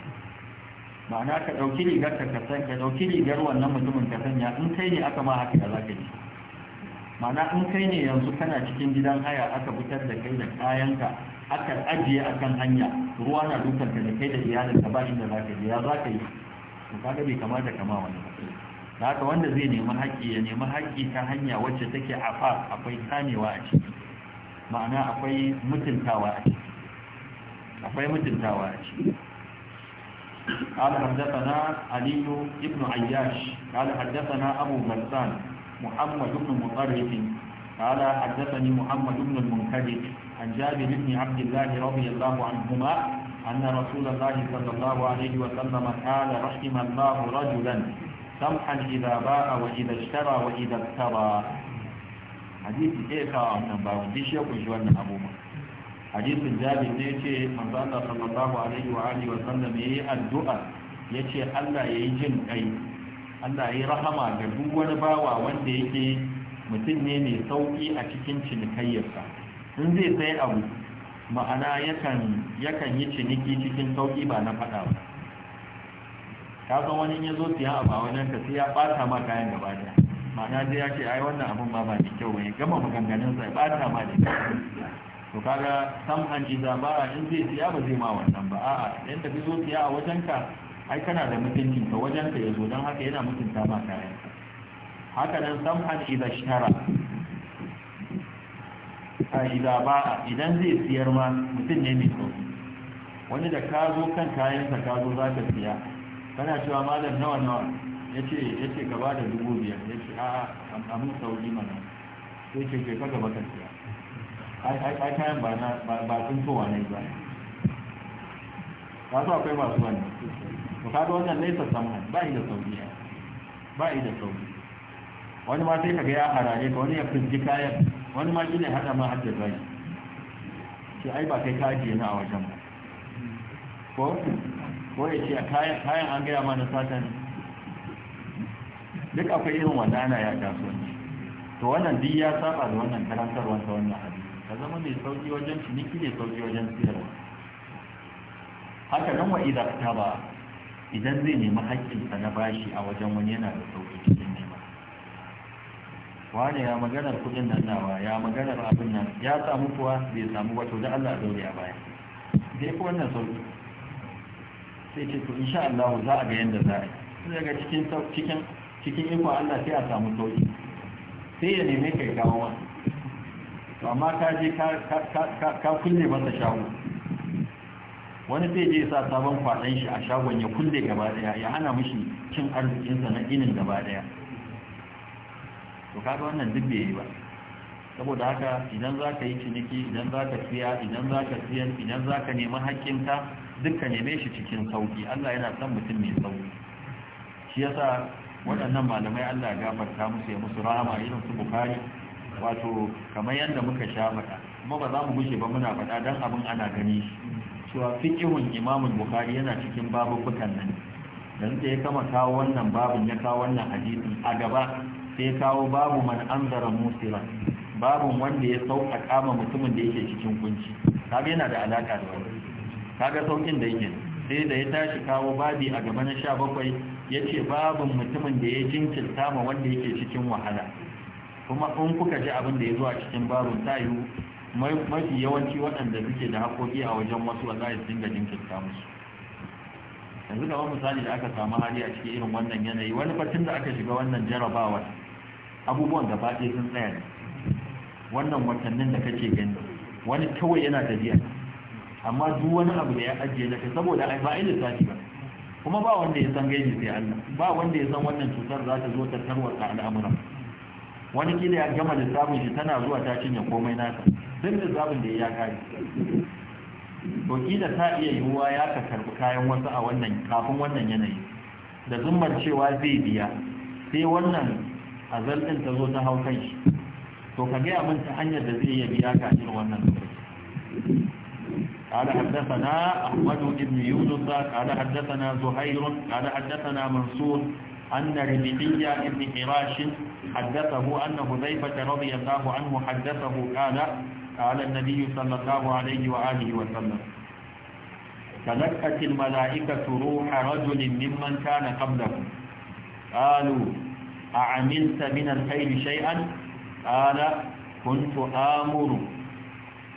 ma'ana ka ɗauki rigar ka kasan ka ɗauki rigar wannan mutumin ka sanya in kai ne aka ma haka da za ka yi ma'ana in kai ne yanzu kana cikin gidan haya aka fitar da kai da kayanka akan ajiye akan hanya ruwa na dukan ta da kai da iyalin ka ba inda za ka je ya za ka yi to kaga bai kamata kama wani da haka wanda zai nemi haƙƙi ya nemi haƙƙi ta hanya wacce take afa akwai kamewa a ciki ma'ana akwai mutuntawa a ciki akwai mutuntawa a ciki قال حدثنا علي بن عياش قال حدثنا أبو غسان محمد بن مطرف قال حدثني محمد بن المنكدر عن جابر بن عبد الله رضي الله عنهما أن رسول الله صلى الله عليه وسلم قال رحم الله رجلا سمحا إذا باع وإذا اشترى وإذا ابترى حديث إيه كاو نباو ديش يكون جوان أبو مكر hadisin jabir ne ce wa alihi yayi addu'a yace Allah yi jin kai Allah yi rahama ga duk wani bawa wanda yake mutum ne mai sauki a cikin cinikayyarsa in zai sai abu ma'ana yakan yi ciniki cikin sauƙi ba na faɗa ba ka san wani ya zo siya abu a wajen ka sai ya ɓata ma kayan gaba da ma'ana dai ya ce ai wannan abun ba ba da kyau bane gama maganganun sai ɓata ma da kyau to kaga samhan iza ba in zai siya ba zai ma wannan ba a'a idan tafi zo siya a wajen ka ai kana da mutuncin ka wajen ka yazo don haka yana mutunta ma kayan haka nan samhan shi shara hatta idan a idan zai siyar ma mutum ne mai sauki wani da ka zo kan kayansa ka zo za ka siya kana cewa malam nawa nawa ya ce ya ce gaba da dubu biyar ya ce a amin sauri mana sai ce ce kaga gaba siya ai kayan ba na ba sun towa ne ba ka zo akwai masu wani ba ka ga wannan nesa saman ba yi da sauki ba da wani ma sai ka ga ya harare ka wani ya fi kayan wani ma gina hada ma hajjar zai ce ai ba kai ka yana a wajen ko ko ya ce kayan an gaya ma na sata duk akwai irin wanda ana ya ne to wannan duk ya saba da wannan karantarwa ta wannan hadisi ka zama mai sauki wajen ciniki ne sauki wajen siyarwa haka nan wa idan ta ba idan zai nemi haƙƙinsa na bashi a wajen wani yana da sauƙi wane ya maganar kudin nan nawa ya maganar abin nan ya samu kuwa bai samu wato da Allah daure a baya dai ko wannan sauki sai ce to insha Allah za a ga yanda za a yi daga cikin cikin cikin iko Allah sai a samu sauki sai ya neme kai kawo wa to amma ka je ka ka ka kulle masa shago wani sai je sa sabon kwaɗan shi a shagon ya kulle gaba daya ya hana mishi cin arzikinsa na ginin gaba daya to kaga wannan duk bai yi ba saboda haka idan za ka yi ciniki idan za ka siya idan za ka siyan idan za ka nemi haƙƙinka duk ka neme shi cikin sauƙi allah yana son mutum mai sauƙi shi yasa waɗannan malamai allah ya gafarta musu ya musu rahama irin su bukari wato kamar yadda muka sha faɗa kuma ba za mu gushe ba muna faɗa don abin ana gani cewa fiƙihun imamun bukari yana cikin babubukan nan yanzu da ya kama kawo wannan babin ya kawo wannan hadisi a gaba sai kawo babu man anzara musira babu wanda ya sauka kama mutumin da yake cikin kunci kaga yana da alaka da wani kaga saukin da yake sai da ya tashi kawo babi a gaba na 17 yace babu mutumin da ya jinkirta ma wanda yake cikin wahala kuma in kuka ji abin da ya zo a cikin babun tayu mafi yawanci waɗanda suke da haƙoƙi a wajen wasu a su dinga jinkirta musu yanzu kamar misali da aka samu hali a cikin irin wannan yanayi wani batun da aka shiga wannan jarabawar abubuwan gaba ɗaya sun tsaya ne wannan watannin da kake gani wani kawai yana tafiya amma duk wani abu da ya ajiye kai, saboda ai ba yi lissafi ba kuma ba wanda ya san gaibi sai Allah ba wanda ya san wannan cutar za ta zo ta tarwata al'amura wani kila ya gama lissafin shi tana zuwa ta cinye komai nasa duk lissafin da ya kare to kila ta iya yiwuwa ya ka karbi kayan wasu a wannan kafin wannan yanayi da zummar cewa zai biya sai wannan azal ɗin ta zo ta hau kan shi to ka gaya min ta hanyar da zai iya biya ka irin wannan lokaci قال حدثنا أحمد بن يونس قال حدثنا زهير قال حدثنا منصور أن ربيعية بن حراش حدثه أن حذيفة رضي الله عنه حدثه قال قال النبي صلى الله عليه وآله وسلم تلقت الملائكة روح رجل ممن كان قبلهم قالوا أعملت من الخير شيئا قال كنت آمر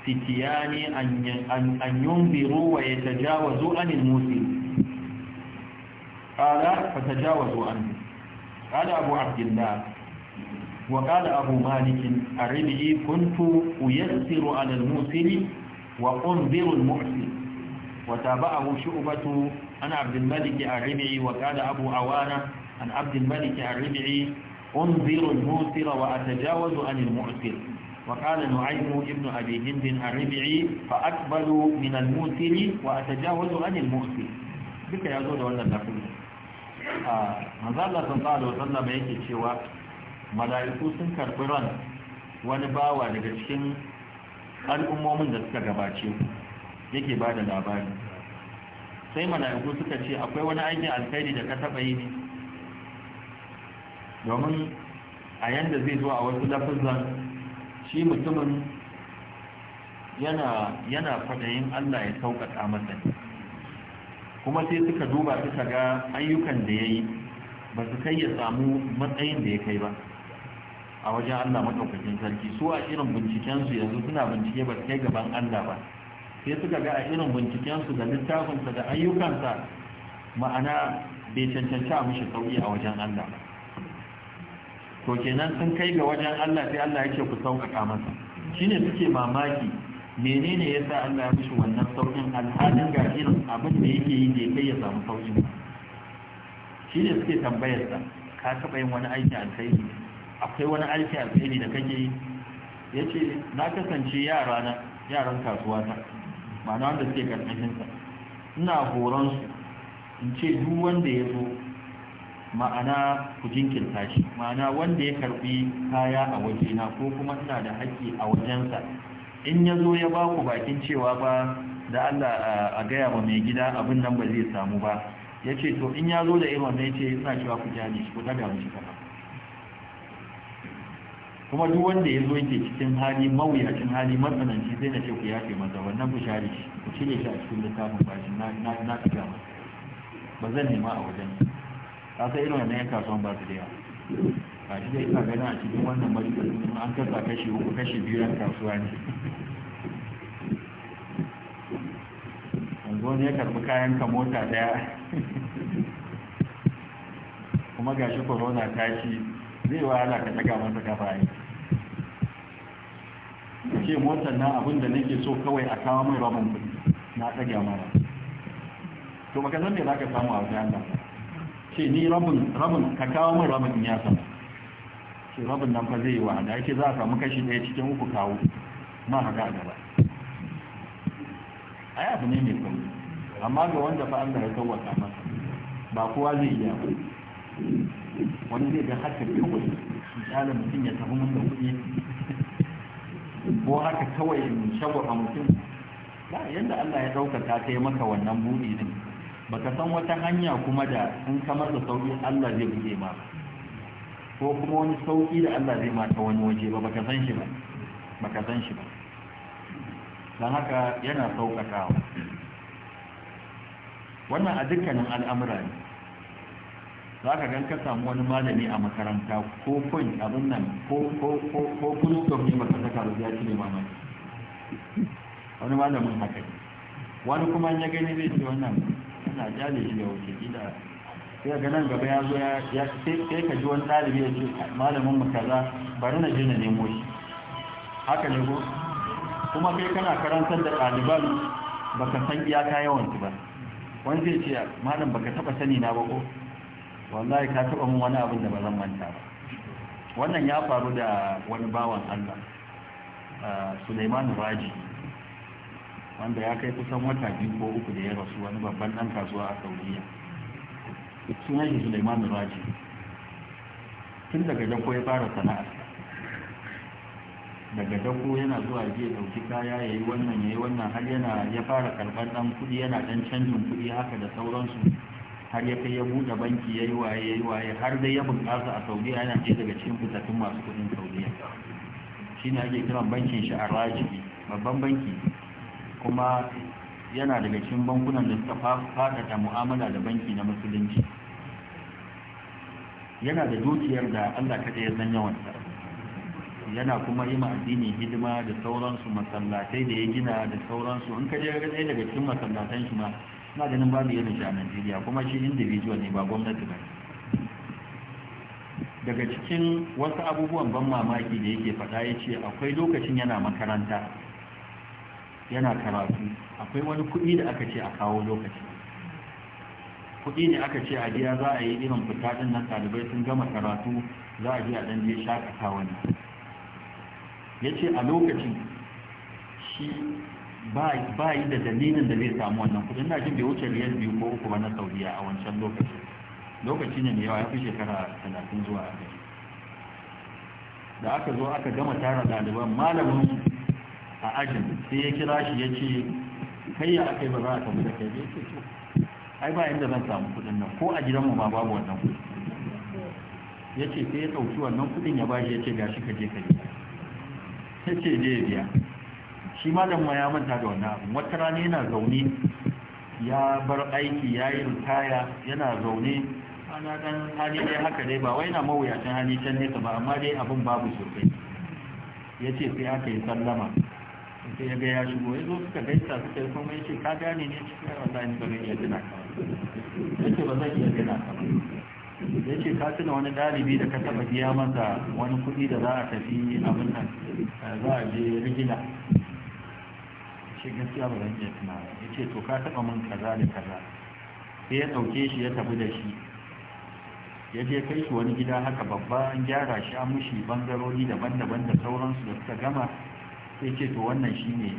فتياني أن أن ينذروا ويتجاوزوا عن المسلم قال فتجاوزوا عنه قال أبو عبد الله وقال أبو مالك الربعي كنت أيسر على المسلم وأنذر المحسن وتابعه شعبة عن عبد الملك الربعي وقال أبو عوانة عن عبد الملك الربعي أنذر الموسر وأتجاوز عن المعسر وقال نعيم ابن أبي هند الربعي فأقبل من الموسر وأتجاوز عن المعسر بك يا زود ولا تقول manzo Allah sallallahu alaihi wasallam yake cewa mala'iku sun karbi ran wani bawa daga cikin al'ummomin da suka gabace yake ba da labari sai mala'iku suka ce akwai wani aikin alkhairi da ka taba yi ne domin a yanda zai zo a wasu lafazan shi mutumin yana faɗayin fadayin Allah ya sauƙaƙa masa kuma sai suka duba suka ga ayyukan da ya yi ba su kai ya samu matsayin da ya kai ba a wajen Allah matsaukacin sarki su a irin bincikensu yanzu suna bincike ba su kai gaban Allah ba sai suka ga a irin bincikensu da littafinsa da ayyukansa ma'ana bai cancanci a mishi sauki a wajen Allah ba to kenan sun kai ga wajen Allah sai Allah yake ku sauƙaƙa masa shine suke mamaki menene yasa Allah ya mishi wannan sauƙin alhalin ga irin abin da yake yi ya kai ya samu sauƙin shine suke tambayar sa ka taɓa yin wani aiki alkhairi akwai wani aiki alkhairi da kake yi yace na kasance yara na yaran kasuwa ta ma'ana wanda suke karkashin ina horon su in ce duk wanda ya zo ma'ana ku jinkirta shi ma'ana wanda ya karbi kaya a wajena ko kuma ina da haƙƙi a wajensa in ya zo ya ba ku bakin cewa ba da Allah a gaya ba mai gida abin nan ba zai samu ba ya ce to in ya zo da irin wannan ya ce ina cewa ku jani shi ku daga mishi kafa kuma duk wanda ya zo yake cikin hali mawuyacin hali matsananci zai na ce ku yafe masa wannan ku share shi ku cire shi a cikin littafin bashi na na na ba zan nema a wajen kaka irin wannan yan kasuwan ba su da yawa ba shi dai gani a cikin wannan majalisar an kasa kashi uku kashi biyu yan kasuwa ne yanzu wani ya karbi kayan ka mota daya kuma ga shi corona ta ci zai ala ka daga masa kafa yi ce motar nan abin da nake so kawai a kawo mai rabin kudi na tsage mara to baka san me za ka samu a wajen nan. ce ni rabin rabin ka kawo min rabin in ya sama? ce rabin nan fa zai wa da yake za a samu kashi ɗaya cikin uku kawo ma haka a gaba ai abu ne mai kauri amma ga wanda fa an da ya sauwaka masa ba kowa zai iya ba wani zai ga haka kawai misali mutum ya tafi mun da kuɗi ko haka kawai in shagwaba mutum ba yadda Allah ya ɗaukaka ta maka wannan buɗi din baka san wata hanya kuma da in ka masa sauki Allah zai buge ma ko kuma wani sauki da Allah zai mata wani waje ba baka san shi ba baka san shi ba dan haka yana sauƙaƙawa wannan a dukkanin al'amura ne za ka gan ka samu wani malami a makaranta ko kun abin nan ko ko ko ko kun ne baka karu ya ci ne mamaki wani malamin haka wani kuma ya gani zai ce wannan suna jale shi ga wata gida sai ga nan gaba ya zo ya sai ka ji wani ɗalibi ya ce malamin mu kaza bari na je na nemo shi haka ne ko kuma kai kana karantar da ɗaliban baka san iyaka yawansu ba wani zai ce malam baka taba sani na ba ko wallahi ka taba mun wani abin da ba zan manta ba wannan ya faru da wani bawan Allah ah, Sulaiman Raji wanda ya kai kusan wata biyu ko uku da ya rasu wani babban dan kasuwa a saudiya yi shi suleiman raji tun daga dako ya fara sana'a daga dako yana zuwa ya dauki kaya ya yi wannan ya yi wannan har yana ya fara karɓar ɗan kuɗi yana dan canjin kuɗi haka da sauransu har ya kai ya buɗe banki ya yi waye ya waye har dai ya bunƙasa a saudiya yana ce daga cikin fitattun masu kuɗin saudiya shi ne ake kiran bankin shi a babban banki kuma yana daga cikin bankunan da suka faɗaɗa mu'amala da banki na musulunci yana da dukiyar da Allah kada ya san yawanta. yana kuma yi ma addini hidima da sauransu masallatai da ya gina da sauransu in ka je ga ɗaya daga cikin masallatan shi ma na ganin babu irin shi a Najeriya kuma shi individual ne ba gwamnati ba daga cikin wasu abubuwan ban mamaki da yake faɗa ya ce akwai lokacin yana makaranta yana karatu akwai wani kuɗi da aka ce a kawo lokaci kuɗi ne aka ce a biya za a yi irin fita ɗin nan ɗalibai sun gama karatu za a biya ɗan je shakatawa wani. ya ce a lokacin shi ba yi da dalilin da zai samu wannan kuɗin na jin bai wuce riyal biyu ko uku ba na saudiya a wancan lokacin lokaci ne mai yawa ya fi shekara talatin zuwa a da aka zo aka gama tara ɗaliban malamin a ajin sai ya kira shi ya ce kai ya aka yi ba za a tafi kai ya ce ai ba inda zan samu kudin nan ko a gidanmu ma babu wannan kudin ya ce sai ya ɗauki wannan kudin ya bashi ya ce ga shi ka je ka ta ce je biya shi malam ma ya manta da wannan abin wata rana yana zaune ya bar aiki ya yi ritaya yana zaune ana dan hali dai haka dai ba wai na mawuyacin hali can nesa ba amma dai abin babu sosai ya ce sai aka yi sallama sai ya ga ya shigo ya zo suka gaisa su kai, kuma ya ce ka gane ne cikin wallahi yi ba zan iya tuna ka ce ba zan iya tuna ka ce ka tuna wani dalibi da ka taba biya masa wani kuɗi da za a tafi abin nan eh, za a je rigila ce gaskiya ba zan iya tuna ba ce to ka taba min kaza da kaza sai ya ɗauke shi ya tafi da shi ya je kai shi wani gida haka babba an gyara shi mushi bangarori daban-daban da sauransu da suka gama sai ce to wannan shine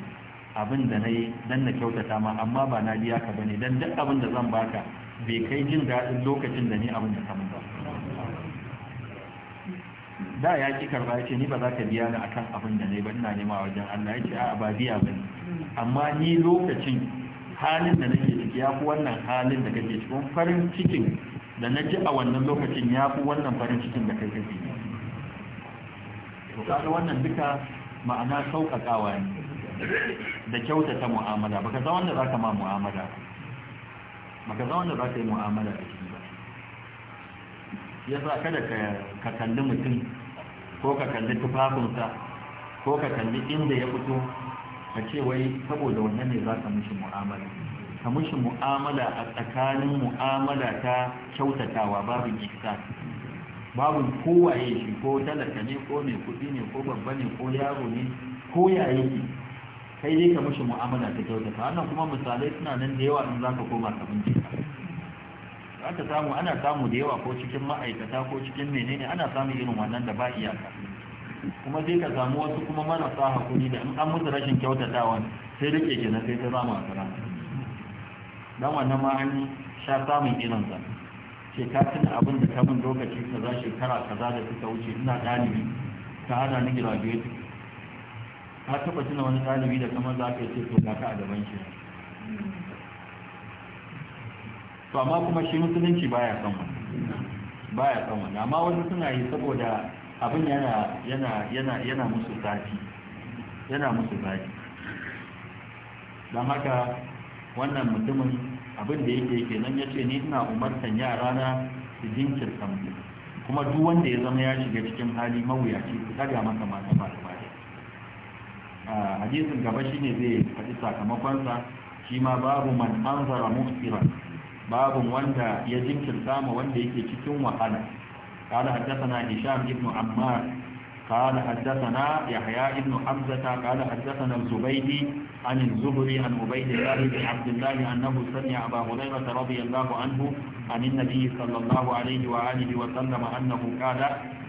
abin da na yi don na kyautata ma amma ba na biya ka bane don duk abin da zan baka bai kai jin daɗin lokacin da ni abin da samun ba da ya ki karba ya ce ni ba za ka biya ni akan abin da na yi ba ina nema wajen Allah ya ce a ba biya ba ne amma ni lokacin halin da nake ciki ya fi wannan halin da kake cikin farin cikin da na ji a wannan lokacin ya fi wannan farin cikin da kai kake to kaga wannan duka ma'ana sauƙaƙawa ne da kyautata mu'amala baka zama wanda zaka ma mu'amala baka zama wanda zaka yi mu'amala da shi ba ya kada ka kalli mutum ko ka kalli tufafinsa ko ka kalli inda ya fito ka ce wai saboda wannan ne za ka mishi mu'amala ka mishi mu'amala a tsakanin mu'amala ta kyautatawa babu ihsan babu kowaye shi ko talaka ne ko mai kuɗi ne ko babba ne ko yaro ne ko yaye ne kai dai ka mishi mu'amala ta kyautata wannan kuma misalai suna nan da yawa in za koma ka jika. za ka samu ana samu da yawa ko cikin ma'aikata ko cikin menene ana samun irin wannan da ba iyaka kuma sai ka samu wasu kuma marasa hakuri da in an musu rashin kyautatawa sai rike ki na sai ta zama a dan wannan ma an sha samun irin sa ce ka tuna abin da kamun lokaci ka kaza shekara kaza da suka wuce ina ɗalibi ka hana ni graduate ka taɓa tuna wani ɗalibi da kamar za ka ce to ka ka a gaban shi to amma kuma shi musulunci baya son wani baya son wani amma wasu suna yi saboda abin yana yana yana yana musu zafi yana musu zafi don haka wannan mutumin abin da yake kenan ya ce ni ina umartan yara na su jinkirta mu kuma duk wanda ya zama ya shiga cikin hali mawuyaci ku daga masa mata ba da hadisin gaba shine zai faɗi sakamakonsa shi ma babu man anzara mufsiran babu wanda ya jinkirta ma wanda yake cikin wahala قال حدثنا هشام بن عمار قال حدثنا يحيى بن حمزة قال حدثنا الزبيدي عن الزهري عن عبيد الله بن عبد الله أنه سمع أبا هريرة رضي الله عنه عن النبي صلى الله عليه وآله وسلم أنه قال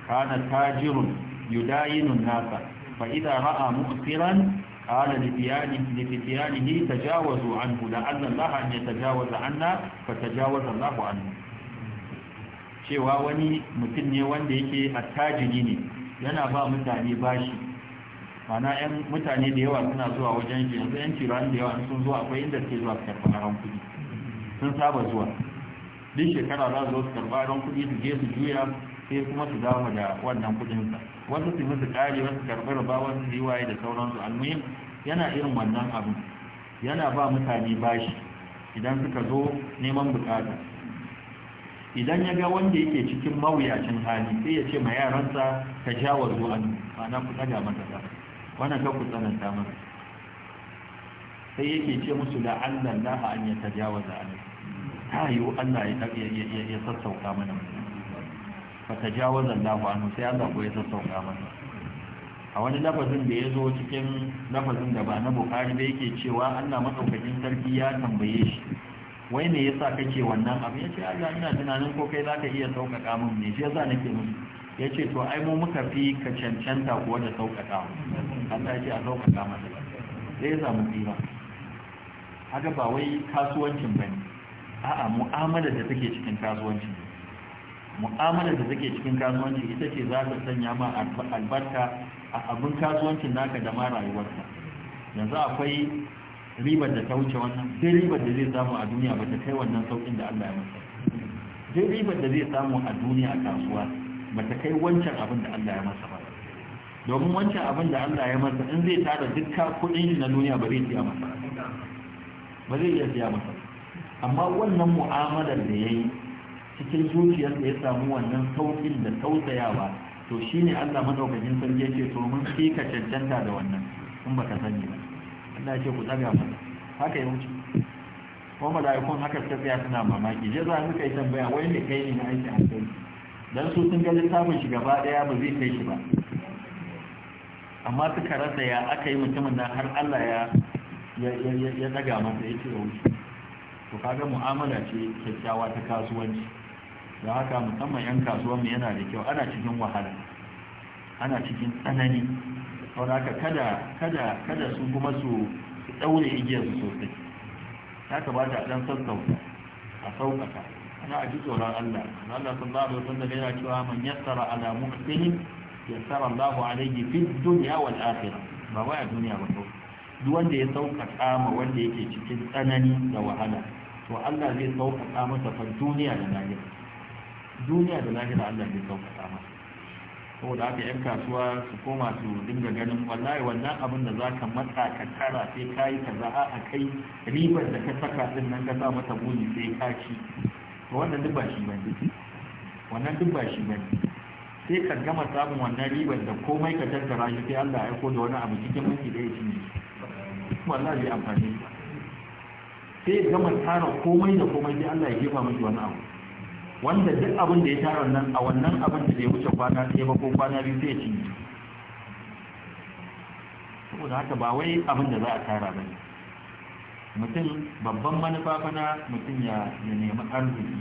كان تاجر يداين الناس فإذا رأى مؤثرا قال لفتيانه تجاوزوا عنه لعل الله أن يتجاوز عنا فتجاوز الله عنه cewa wani mutum ne wanda yake attajiri ne yana ba mutane bashi mana yan mutane da yawa suna zuwa wajen shi yanzu yan tirani da yawa sun zuwa akwai inda suke zuwa su karɓi ran kuɗi sun saba zuwa duk shekara za su zo su karɓi ran kuɗi su je su juya sai kuma su dawo da wannan kuɗin sa wasu su musu ƙari wasu karɓi riba wasu riwaye da sauransu almuhim yana irin wannan abin. yana ba mutane bashi idan suka zo neman bukata idan ya ga wanda yake cikin mawuyacin hali sai ya ce ma yaransa ka jawar ruwan ma'ana ku tsaga masa ta wannan ka ku tsananta masa sai yake ce musu da allah na an ya ta a alai ta yiwu allah ya sassauka mana Ba ta jawaza allahu anu sai allah ko ya sassauka mana a wani lafazin da ya zo cikin lafazin da ba na bukari da yake cewa allah maɗaukakin sarki ya tambaye shi wai me yasa kake wannan abu yace Allah ina tunanin ko kai zaka iya sauƙaƙa min ne shi yasa nake musu yace to ai mu muka fi ka cancanta kuwa da sauƙaƙa Allah yace a sauƙaƙa masa sai samu tsira haka ba wai kasuwancin ba ne. a'a mu'amalar da take cikin kasuwancin mu'amalar da take cikin kasuwanci ita ce za ta sanya ma albarka a abin kasuwancin naka da ma rayuwarka yanzu akwai ribar da ta wuce wannan sai ribar da zai samu a duniya ba ta kai wannan saukin da Allah ya masa sai ribar da zai samu a duniya a kasuwa ba ta kai wancan abin da Allah ya masa ba domin wancan abin da Allah ya masa in zai tara dukkan kuɗin shi na duniya ba zai siya masa ba zai iya siya masa amma wannan mu'amalar da ya yi cikin zuciyarsa ya samu wannan saukin da tausayawa to shine Allah madaukakin sarki yake to mun sai ka cancanta da wannan in baka sani ba na ce ku tsaga mu haka ya wuce kuma mala'ikun haka ta tsaya suna mamaki je zuwa suka yi tambaya wai ne kai ne na aiki a kai? dan su sun ga samun shi gaba daya ba zai kai shi ba amma suka rasa ya aka yi mutumin nan har Allah ya ya daga masa ya ce wuce to kaga mu'amala ce kyakkyawa ta kasuwanci da haka musamman 'yan kasuwanmu yana da kyau ana cikin wahala ana cikin tsanani saboda haka kada kada kada su kuma su daure igiyarsu sosai ya kamata a dan sassauta a sauƙaƙa ana a ji tsoron Allah Allah sallallahu alaihi wasallam yana cewa man yassara ala muhsinin yassara Allahu alaihi fi dunya wal akhirah ba wai a duniya ba kawai duk wanda ya sauƙaƙa ma wanda yake cikin tsanani da wahala to Allah zai sauƙaƙa masa fa duniya da lahira duniya da lahira Allah zai sauƙaƙa masa saboda haka yan kasuwa su koma su dinga ganin wallahi wannan abin da zaka matsa ka tara sai ka yi kaza a kai ribar da ka saka din nan ka sa mata buni sai ka ci to wannan duk ba shi bane wannan duk ba shi bane sai ka gama samun wannan ribar da komai ka tattara shi sai Allah ya aiko da wani abu cikin miki da ya ci wallahi amfani sai gama tara komai da komai sai Allah ya jefa miki wani abu wanda duk abin da ya tara nan a wannan abin da ya wuce kwana ɗaya ba ko kwana biyu zai ci saboda haka ba wai abin da za a tara ba mutum babban manufa fana mutum ya nemi arziki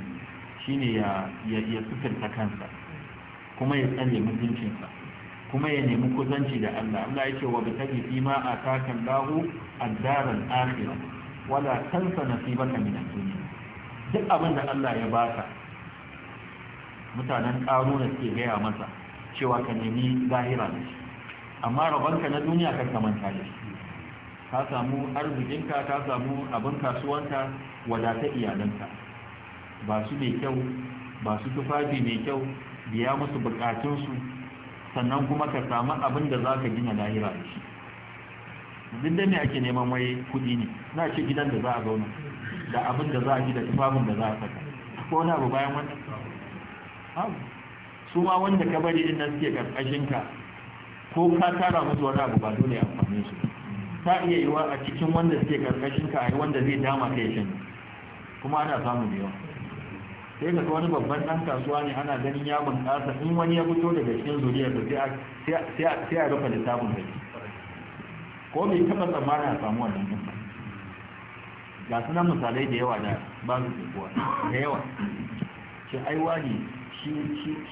shine ya ya suturta kansa kuma ya tsalle mutuncinsa kuma ya nemi kuzanci da Allah Allah ya ce wa bi tabi fi ma a takan lahu daral akhirah wala tansa nasibaka min ad-dunya duk abin da Allah ya baka mutanen na ke gaya masa cewa ka nemi zahira da shi amma rabanka na duniya ka kamanta da shi ka samu arzikinka ka samu abin kasuwanka wadata iyalanka ba su mai kyau ba su tufafi mai kyau biya musu bukatunsu sannan kuma ka samu abin da za ka gina lahira da shi duk da me ake neman wai kudi ne na ce gidan da za a zauna da abin da za a ji da tufafin da za a saka ko na abu bayan wannan su ma wanda ka bari din nan suke karkashin ka ko ka tara musu wani abu ba dole amfani su ta iya yiwa a cikin wanda suke karkashin ka a wanda zai dama kai shin kuma ana samu da yawa sai ka wani babban dan kasuwa ne ana ganin ya bunƙasa in wani ya fito daga cikin zuriyar da sai a rufe littafin da ko bai taɓa tsammanin a samu wannan ɗin ga sunan misalai da yawa da ba su da yawa shi aiwa ne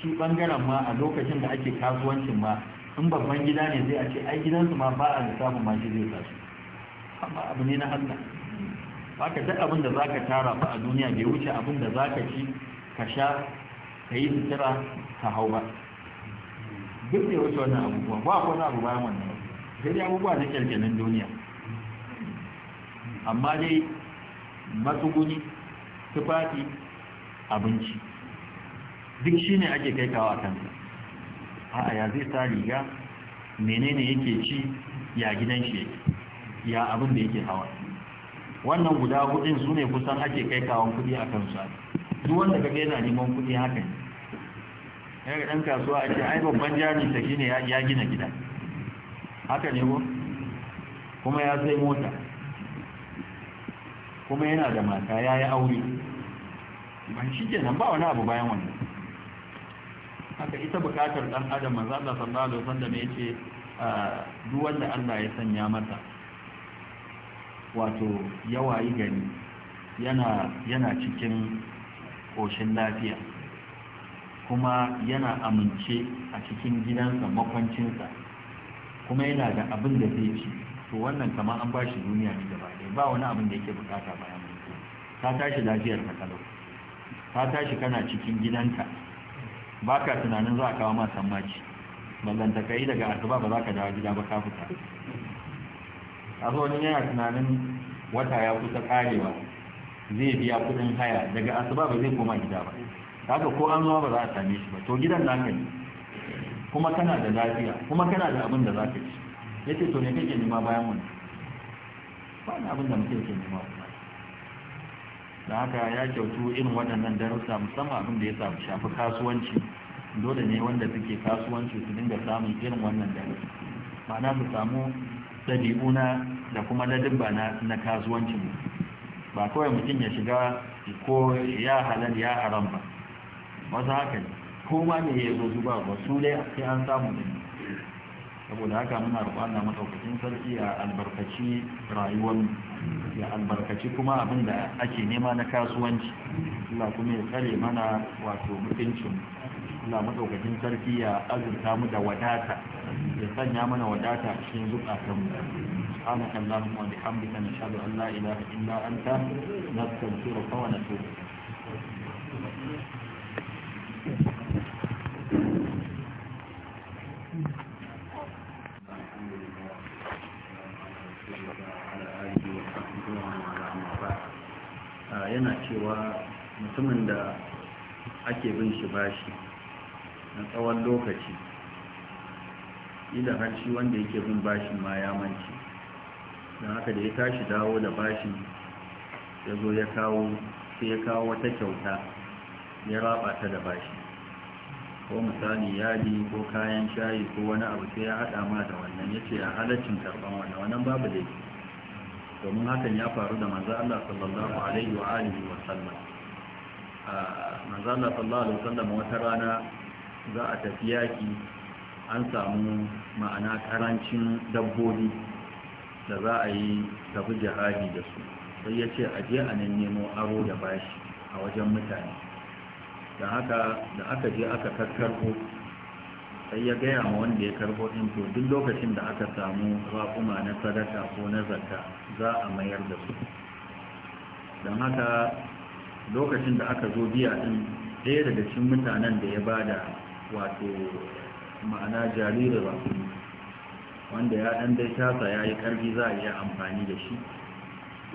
shi bangaren ma a lokacin da ake kasuwancin ma in babban gida ne zai a ce ai gidansu ma ba a samun ma shi zai tasu amma abu ne na Allah baka duk abin da zaka tara ba a duniya bai wuce abin da zaka ci ka sha ka yi sutura ka hau ba duk da wuce wannan abubuwa ba ko na abu bayan wannan sai abubuwa na kyalkyalin duniya amma dai matsuguni tufafi abinci duk shi ne ake kai kawo a kansa a ya zai sa riga menene yake ci ya gidan shi ya abin da yake hawa wannan guda hudun su ne kusan ake kai kawon kudi a kansu duk wanda ka yana neman kudi haka ne yaga dan kasuwa ake ai babban jari ta shine ya gina gida haka ne ko kuma ya sai mota kuma yana da mata ya yi aure ban shi nan ba wani abu bayan wannan haka ita bukatar dan adam manzo Allah sallallahu alaihi wasallam yace ah, duk wanda Allah ya sanya masa wato yawayi gani yana yana cikin koshin lafiya kuma yana amince a cikin gidansa makwancinsa kuma yana da abin da zai ci to wannan kamar an bashi duniya ne gaba ɗaya ba wani abin da yake bukata bayan mutuwa ka tashi lafiyar ka kalau ka tashi kana cikin gidanka ba ka tunanin za a kawo masu sammaci ballanta ka yi daga asuba ba za ka dawo gida ba ka fita a zo wani yana tunanin wata ya kusa karewa zai biya kudin haya daga asuba ba zai koma gida ba haka ko an zuwa ba za a same shi ba to gidan naka ne kuma kana da lafiya kuma kana da abin da za ka ci Ya ce to ne kake nema bayan wani ba abin da mutum ke nema da haka ya kyautu irin waɗannan darussa musamman abin da ya shafi kasuwanci dole ne wanda suke kasuwanci su dinga samun irin wannan darussa ma'ana su samu ɗabi'una da kuma ladabba na kasuwanci ba kawai mutum ya shiga ko ya halal ya haram ba wasu haka ne ko ma ne ya zo zuba ba su dai sai an samu da ne saboda haka muna roƙon na maɗaukacin sarki a albarkaci rayuwar ya albarkaci kuma abin da ake nema na kasuwanci Allah kuma ya tsare mana wato mutuncin Allah madaukakin sarki ya azurta mu da wadata ya sanya mana wadata a cikin zukatanmu سبحانك اللهم وبحمدك نشهد ان لا اله الا illa نستغفرك ونتوب الحمد لله على اله yana cewa mutumin da ake bin shi bashi na tsawon lokaci idan har wanda yake bin bashin ma ya manci don haka da ya tashi dawo da bashi ya zo ya kawo sai ya kawo wata kyauta ya raba ta da bashi ko misali yadi ko kayan shayi ko wani abu sai ya hada ma da wannan ya ce a halaccin karban wannan wannan babu yake domin hakan ya faru da manzo Allah sallallahu alaihi wa alihi wa sallam manzo Allah sallallahu alaihi wa sallam wata rana za a tafi yaki an samu ma'ana karancin dabbobi da za a yi tafi jihadi da su sai ya ce a je a nan nemo aro da bashi a wajen mutane da haka da aka je aka kakkarko sai ya gaya wa wanda ya karbo ɗin to duk lokacin da aka samu raƙuma na sadaka ko na zakka za a mayar da su don haka lokacin da aka zo biya ɗin ɗaya daga cikin mutanen da ya ba da wato ma'ana jarirar raƙumi wanda ya ɗan dai tasa ya yi ƙarfi za a iya amfani da shi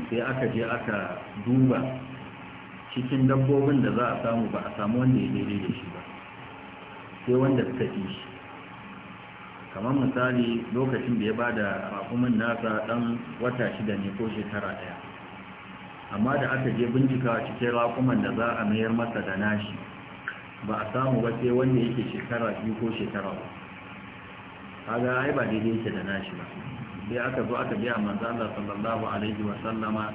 sai aka je aka duba cikin dabbobin da za a samu ba a samu wanda ya daidai da shi ba sai wanda suka fi shi kamar misali lokacin da ya ba da rakumin nasa ɗan wata shida ne ko shekara ɗaya amma da aka je bincika cikin rakuman da za a mayar masa da nashi ba a samu ba sai wanda yake shekara biyu ko shekara ba kaga ai ba daidai yake da nashi ba sai aka zo aka biya manzo Allah sallallahu alaihi wa sallama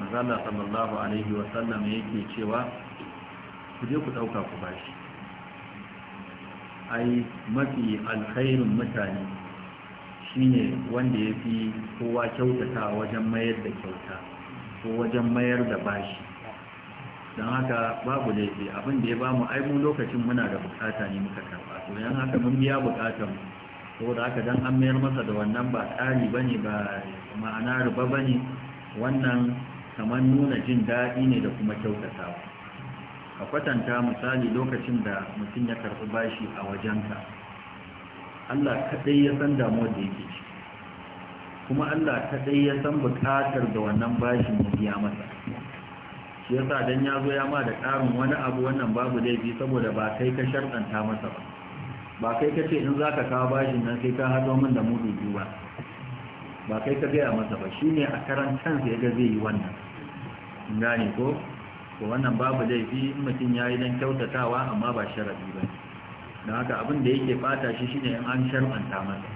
manzo Allah yake cewa ku je ku dauka ku bashi ai mafi alkhairin mutane shine wanda ya fi kowa kyautata wajen mayar da kyauta ko wajen mayar da bashi don haka babu laifi abin da ya ba mu aibu lokacin muna da bukata ne muka karba to yan haka mun biya bukatar saboda haka dan an mayar masa da wannan ba tsari bane ba ma'ana riba bane wannan kamar nuna jin daɗi ne da kuma kyautatawa ka kwatanta misali lokacin da mutum ya karɓi bashi a wajenka Allah kaɗai ya san damuwa da yake ciki kuma Allah kaɗai ya san buƙatar da wannan bashin ya biya masa shi yasa dan ya zo ya ma da ƙarin wani abu wannan babu laifi saboda ba kai ka sharɗanta masa ba ba kai ka ce in za ka kawo bashin nan sai ka haɗo min da mudu biyu ba ba kai ka gaya masa ba shi ne a karan kansa ya ga zai yi wannan gane ko to wannan babu laifi in mutum ya yi don kyautatawa amma ba sharaɗi ba don haka abin da yake fata shi shine ne an shar'anta masa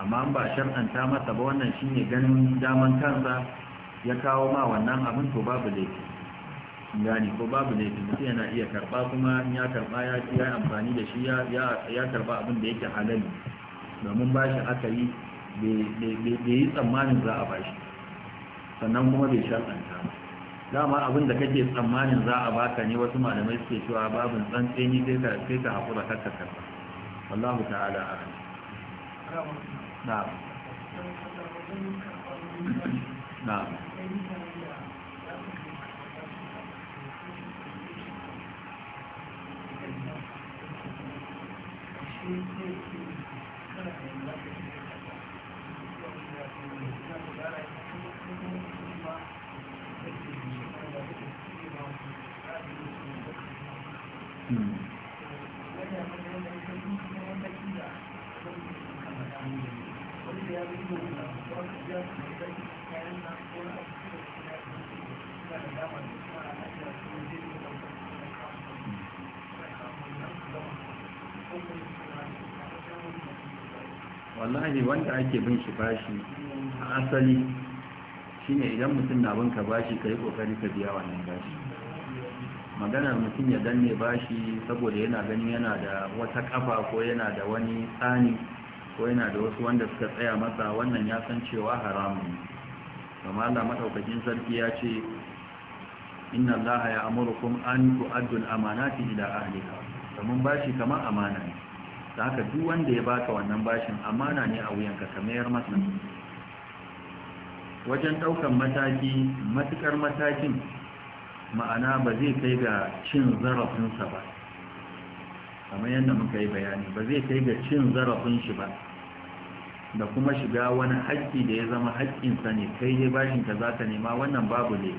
amma an ba shar'anta masa ba wannan shi ne ganin daman kansa ya kawo ma wannan abin to babu laifi gani ko babu laifi mutum yana iya karɓa kuma in ya karɓa ya ci ya amfani da shi ya karɓa abin da yake halali domin ba shi aka yi bai yi tsammanin za a ba shi sannan kuma bai shar'anta masa dama abin da kake tsammanin za a baka ne wasu malamai suke cewa babin tsantseni sai ka sai ka hakura kanka kanka wallahu ta'ala alam na'am na'am Thank you. ne wanda ake bin shi bashi a asali shine idan mutum na bin ka bashi ka yi kokari ka biya wannan bashi maganar mutum ya danne bashi saboda yana ganin yana da wata kafa ko yana da wani tsani ko yana da wasu wanda suka tsaya masa wannan ya san cewa haramun kuma Allah madaukakin sarki ya ce inna Allah ya amurukum an tu'addu al-amanati ila ahliha kaman bashi kamar amana ne da haka duk wanda ya baka wannan bashin amana ne a wuyanka ka mayar masa wajen daukan mataki matukar matakin ma'ana ba zai kai ga cin zarafinsa ba kamar yadda muka yi bayani ba zai kai ga cin zarafin shi ba da kuma shiga wani haƙƙi da ya zama haƙƙinsa ne kai dai bashin ka za ka nema wannan babu ne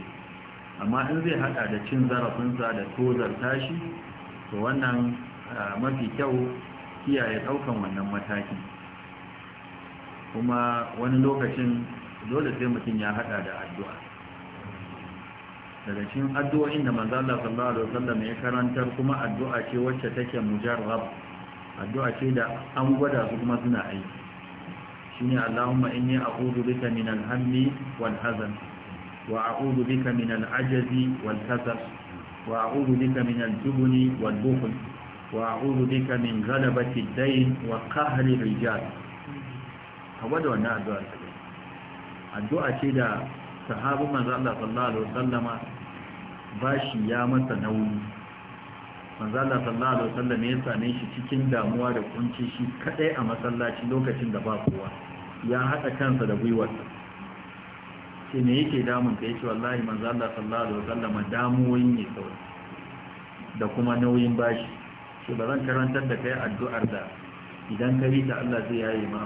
amma in zai haɗa da cin zarafinsa da tozarta shi to wannan ah, mafi kyau kiyaye ɗaukan wannan matakin kuma wani lokacin dole sai mutum ya hada da addu'a daga cikin addu'o'in da manzo Allah sallallahu alaihi wasallam ya karantar kuma addu'a ce wacce take mujarrab addu'a ce da an gwada su kuma suna aiki shine Allahumma inni a'udhu bika min al-hammi wal hazan wa a'udhu bika min al-ajzi wal kasal wa a'udhu bika min al-jubni wal bukhl وأعوذ بك من غلبة الدين وقهر الرجال أود addu'a أدعو الدعاء كده صحاب من الله صلى الله عليه وسلم باشي يا متنوي من الله صلى الله عليه وسلم يسأني شي cikin damuwa da kunci shi kadai a masallaci lokacin da ba kowa ya hada kansa da gwiwarsa sai ne yake damun ka yace wallahi manzo Allah sallallahu alaihi wasallam damuwoyi ne kawai da kuma nauyin bashi shi ba zan karantar da kai addu'ar da idan ka yi ta Allah zai yaye ma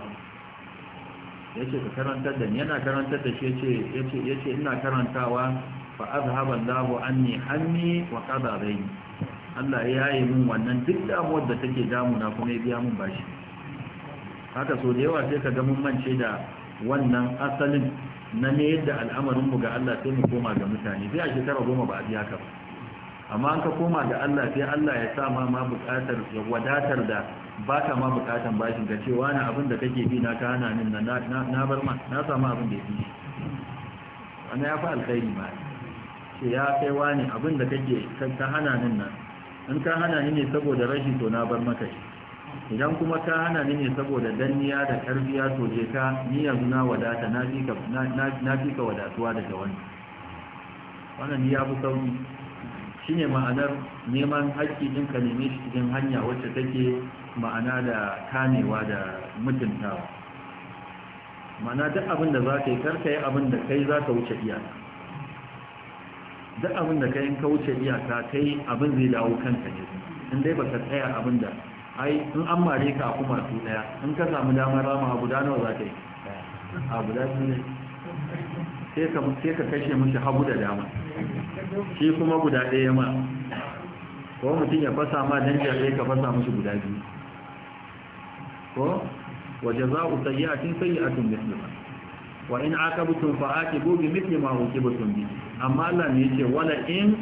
ya ce ka karantar da yana karantar da shi ya ce ina karantawa fa azhaban lahu anni hanni wa qada bayni Allah ya yaye min wannan duk damuwar da take damuna kuma ya biya min bashi haka so da yawa sai ka ga mun mance da wannan asalin na ne yadda al'amarinmu ga Allah sai mu koma ga mutane sai a shekara goma ba a biya ka ba amma an ka koma ga Allah sai Allah ya sa ma ma bukatar ya wadatar da ba ka ma bukatan bashin ka cewa na abin da kake bi na ka hana na na bar ma na ma abin da ya fi ya fi alkhairi ma ce ya kai wani abin da kake ka hana nan nan in ka hana ni ne saboda rashin to na bar maka shi idan kuma ka hana ni ne saboda danniya da tarbiya to je ka ni yanzu na wadata na fi ka wadatuwa daga wani wannan ya fi sauki shine ma'anar neman haƙƙi din ka neme shi cikin hanya wacce take ma'ana da kamewa da mutuntawa ma'ana duk abin da za ka yi karka yi abin da kai za ka wuce iyaka duk abin da yi ka wuce iyaka kai abin zai dawo kanka ne in dai ba ka tsaya abin da ai in an mare ka a kuma su ɗaya. in ka samu damar rama abu da nawa za ka yi a guda sai ka kashe mishi hagu da dama shi kuma guda ɗaya ma ko mutum ya fasa ma dan jare ka fasa musu guda biyu ko waje za a cin sayi a cin mithluha wa in aka aqabtum fa aqibu bi mithli ma uqibtum bi amma Allah ne ce wala in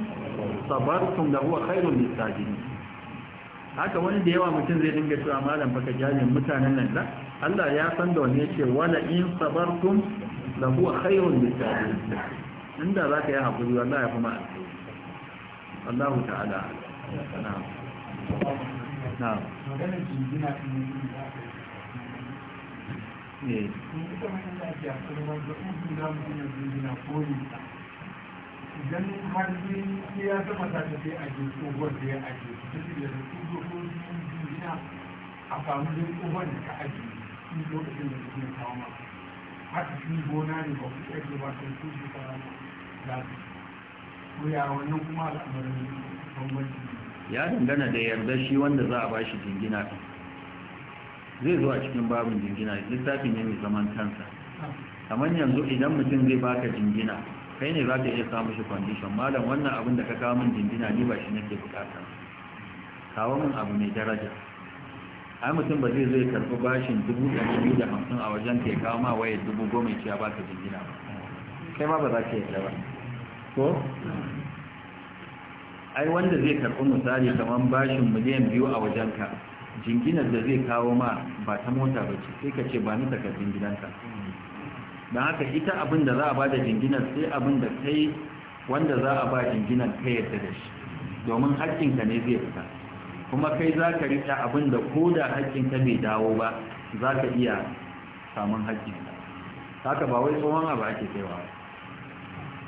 sabartum da huwa khairun lis ne haka wani da yawa mutum zai dinga cewa malam baka jami mutanen nan da Allah ya san da wani ce wala in sabartum da huwa khairun lis ne inda za ka yi haƙuri wallah ya fi ma alkhairi ta'ala zama eh. ta tafi a ke tsohuwar da ya ake ta ce da su tsohuwar jina a samu da tsohuwar gona ne ba Na ba ya dangana da yarda shi wanda za a bashi jingina zai zuwa cikin babin jingina littafin ne mai zaman kansa kamar yanzu idan mutum zai baka jingina kai ne za ka iya samun shi kwandishon malam wannan abin da ka kawo min jingina ni ba shi nake bukata kawo min abu mai daraja ai mutum ba zai zai karɓi bashin dubu ɗari da hamsin a wajen ka ya kawo ma dubu goma ya ba ka jingina ba kai ma ba za ka yarda ba ko ai wanda zai karɓi misali kamar bashin miliyan biyu a wajenka jinginar da zai kawo ma ba ta mota ba ce sai ka ce ba ni takardun gidanka don haka ita abin da za a ba da jinginar sai abin da kai wanda za a ba jinginar ka yadda da shi domin haƙƙinka ne zai fita kuma kai za ka riƙa abin da ko da haƙƙinka bai dawo ba za ka iya samun haƙƙinka haka ba wai tsohon abu ake kaiwa ba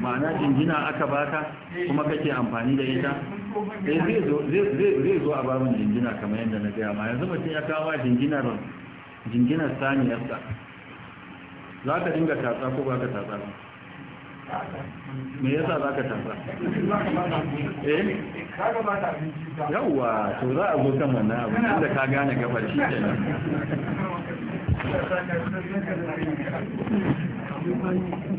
ma'ana jingina aka baka kuma kake amfani da ita E, zai zo a babin jingina kamar yadda na gaya ma yanzu mutum ya kawo jinginar jinginar saniyarsa za ka dinga tatsa ko ba ka tatsa ba me yasa za ka tatsa eh yawwa to za a gokan wannan abu inda ka gane gabar shi ke nan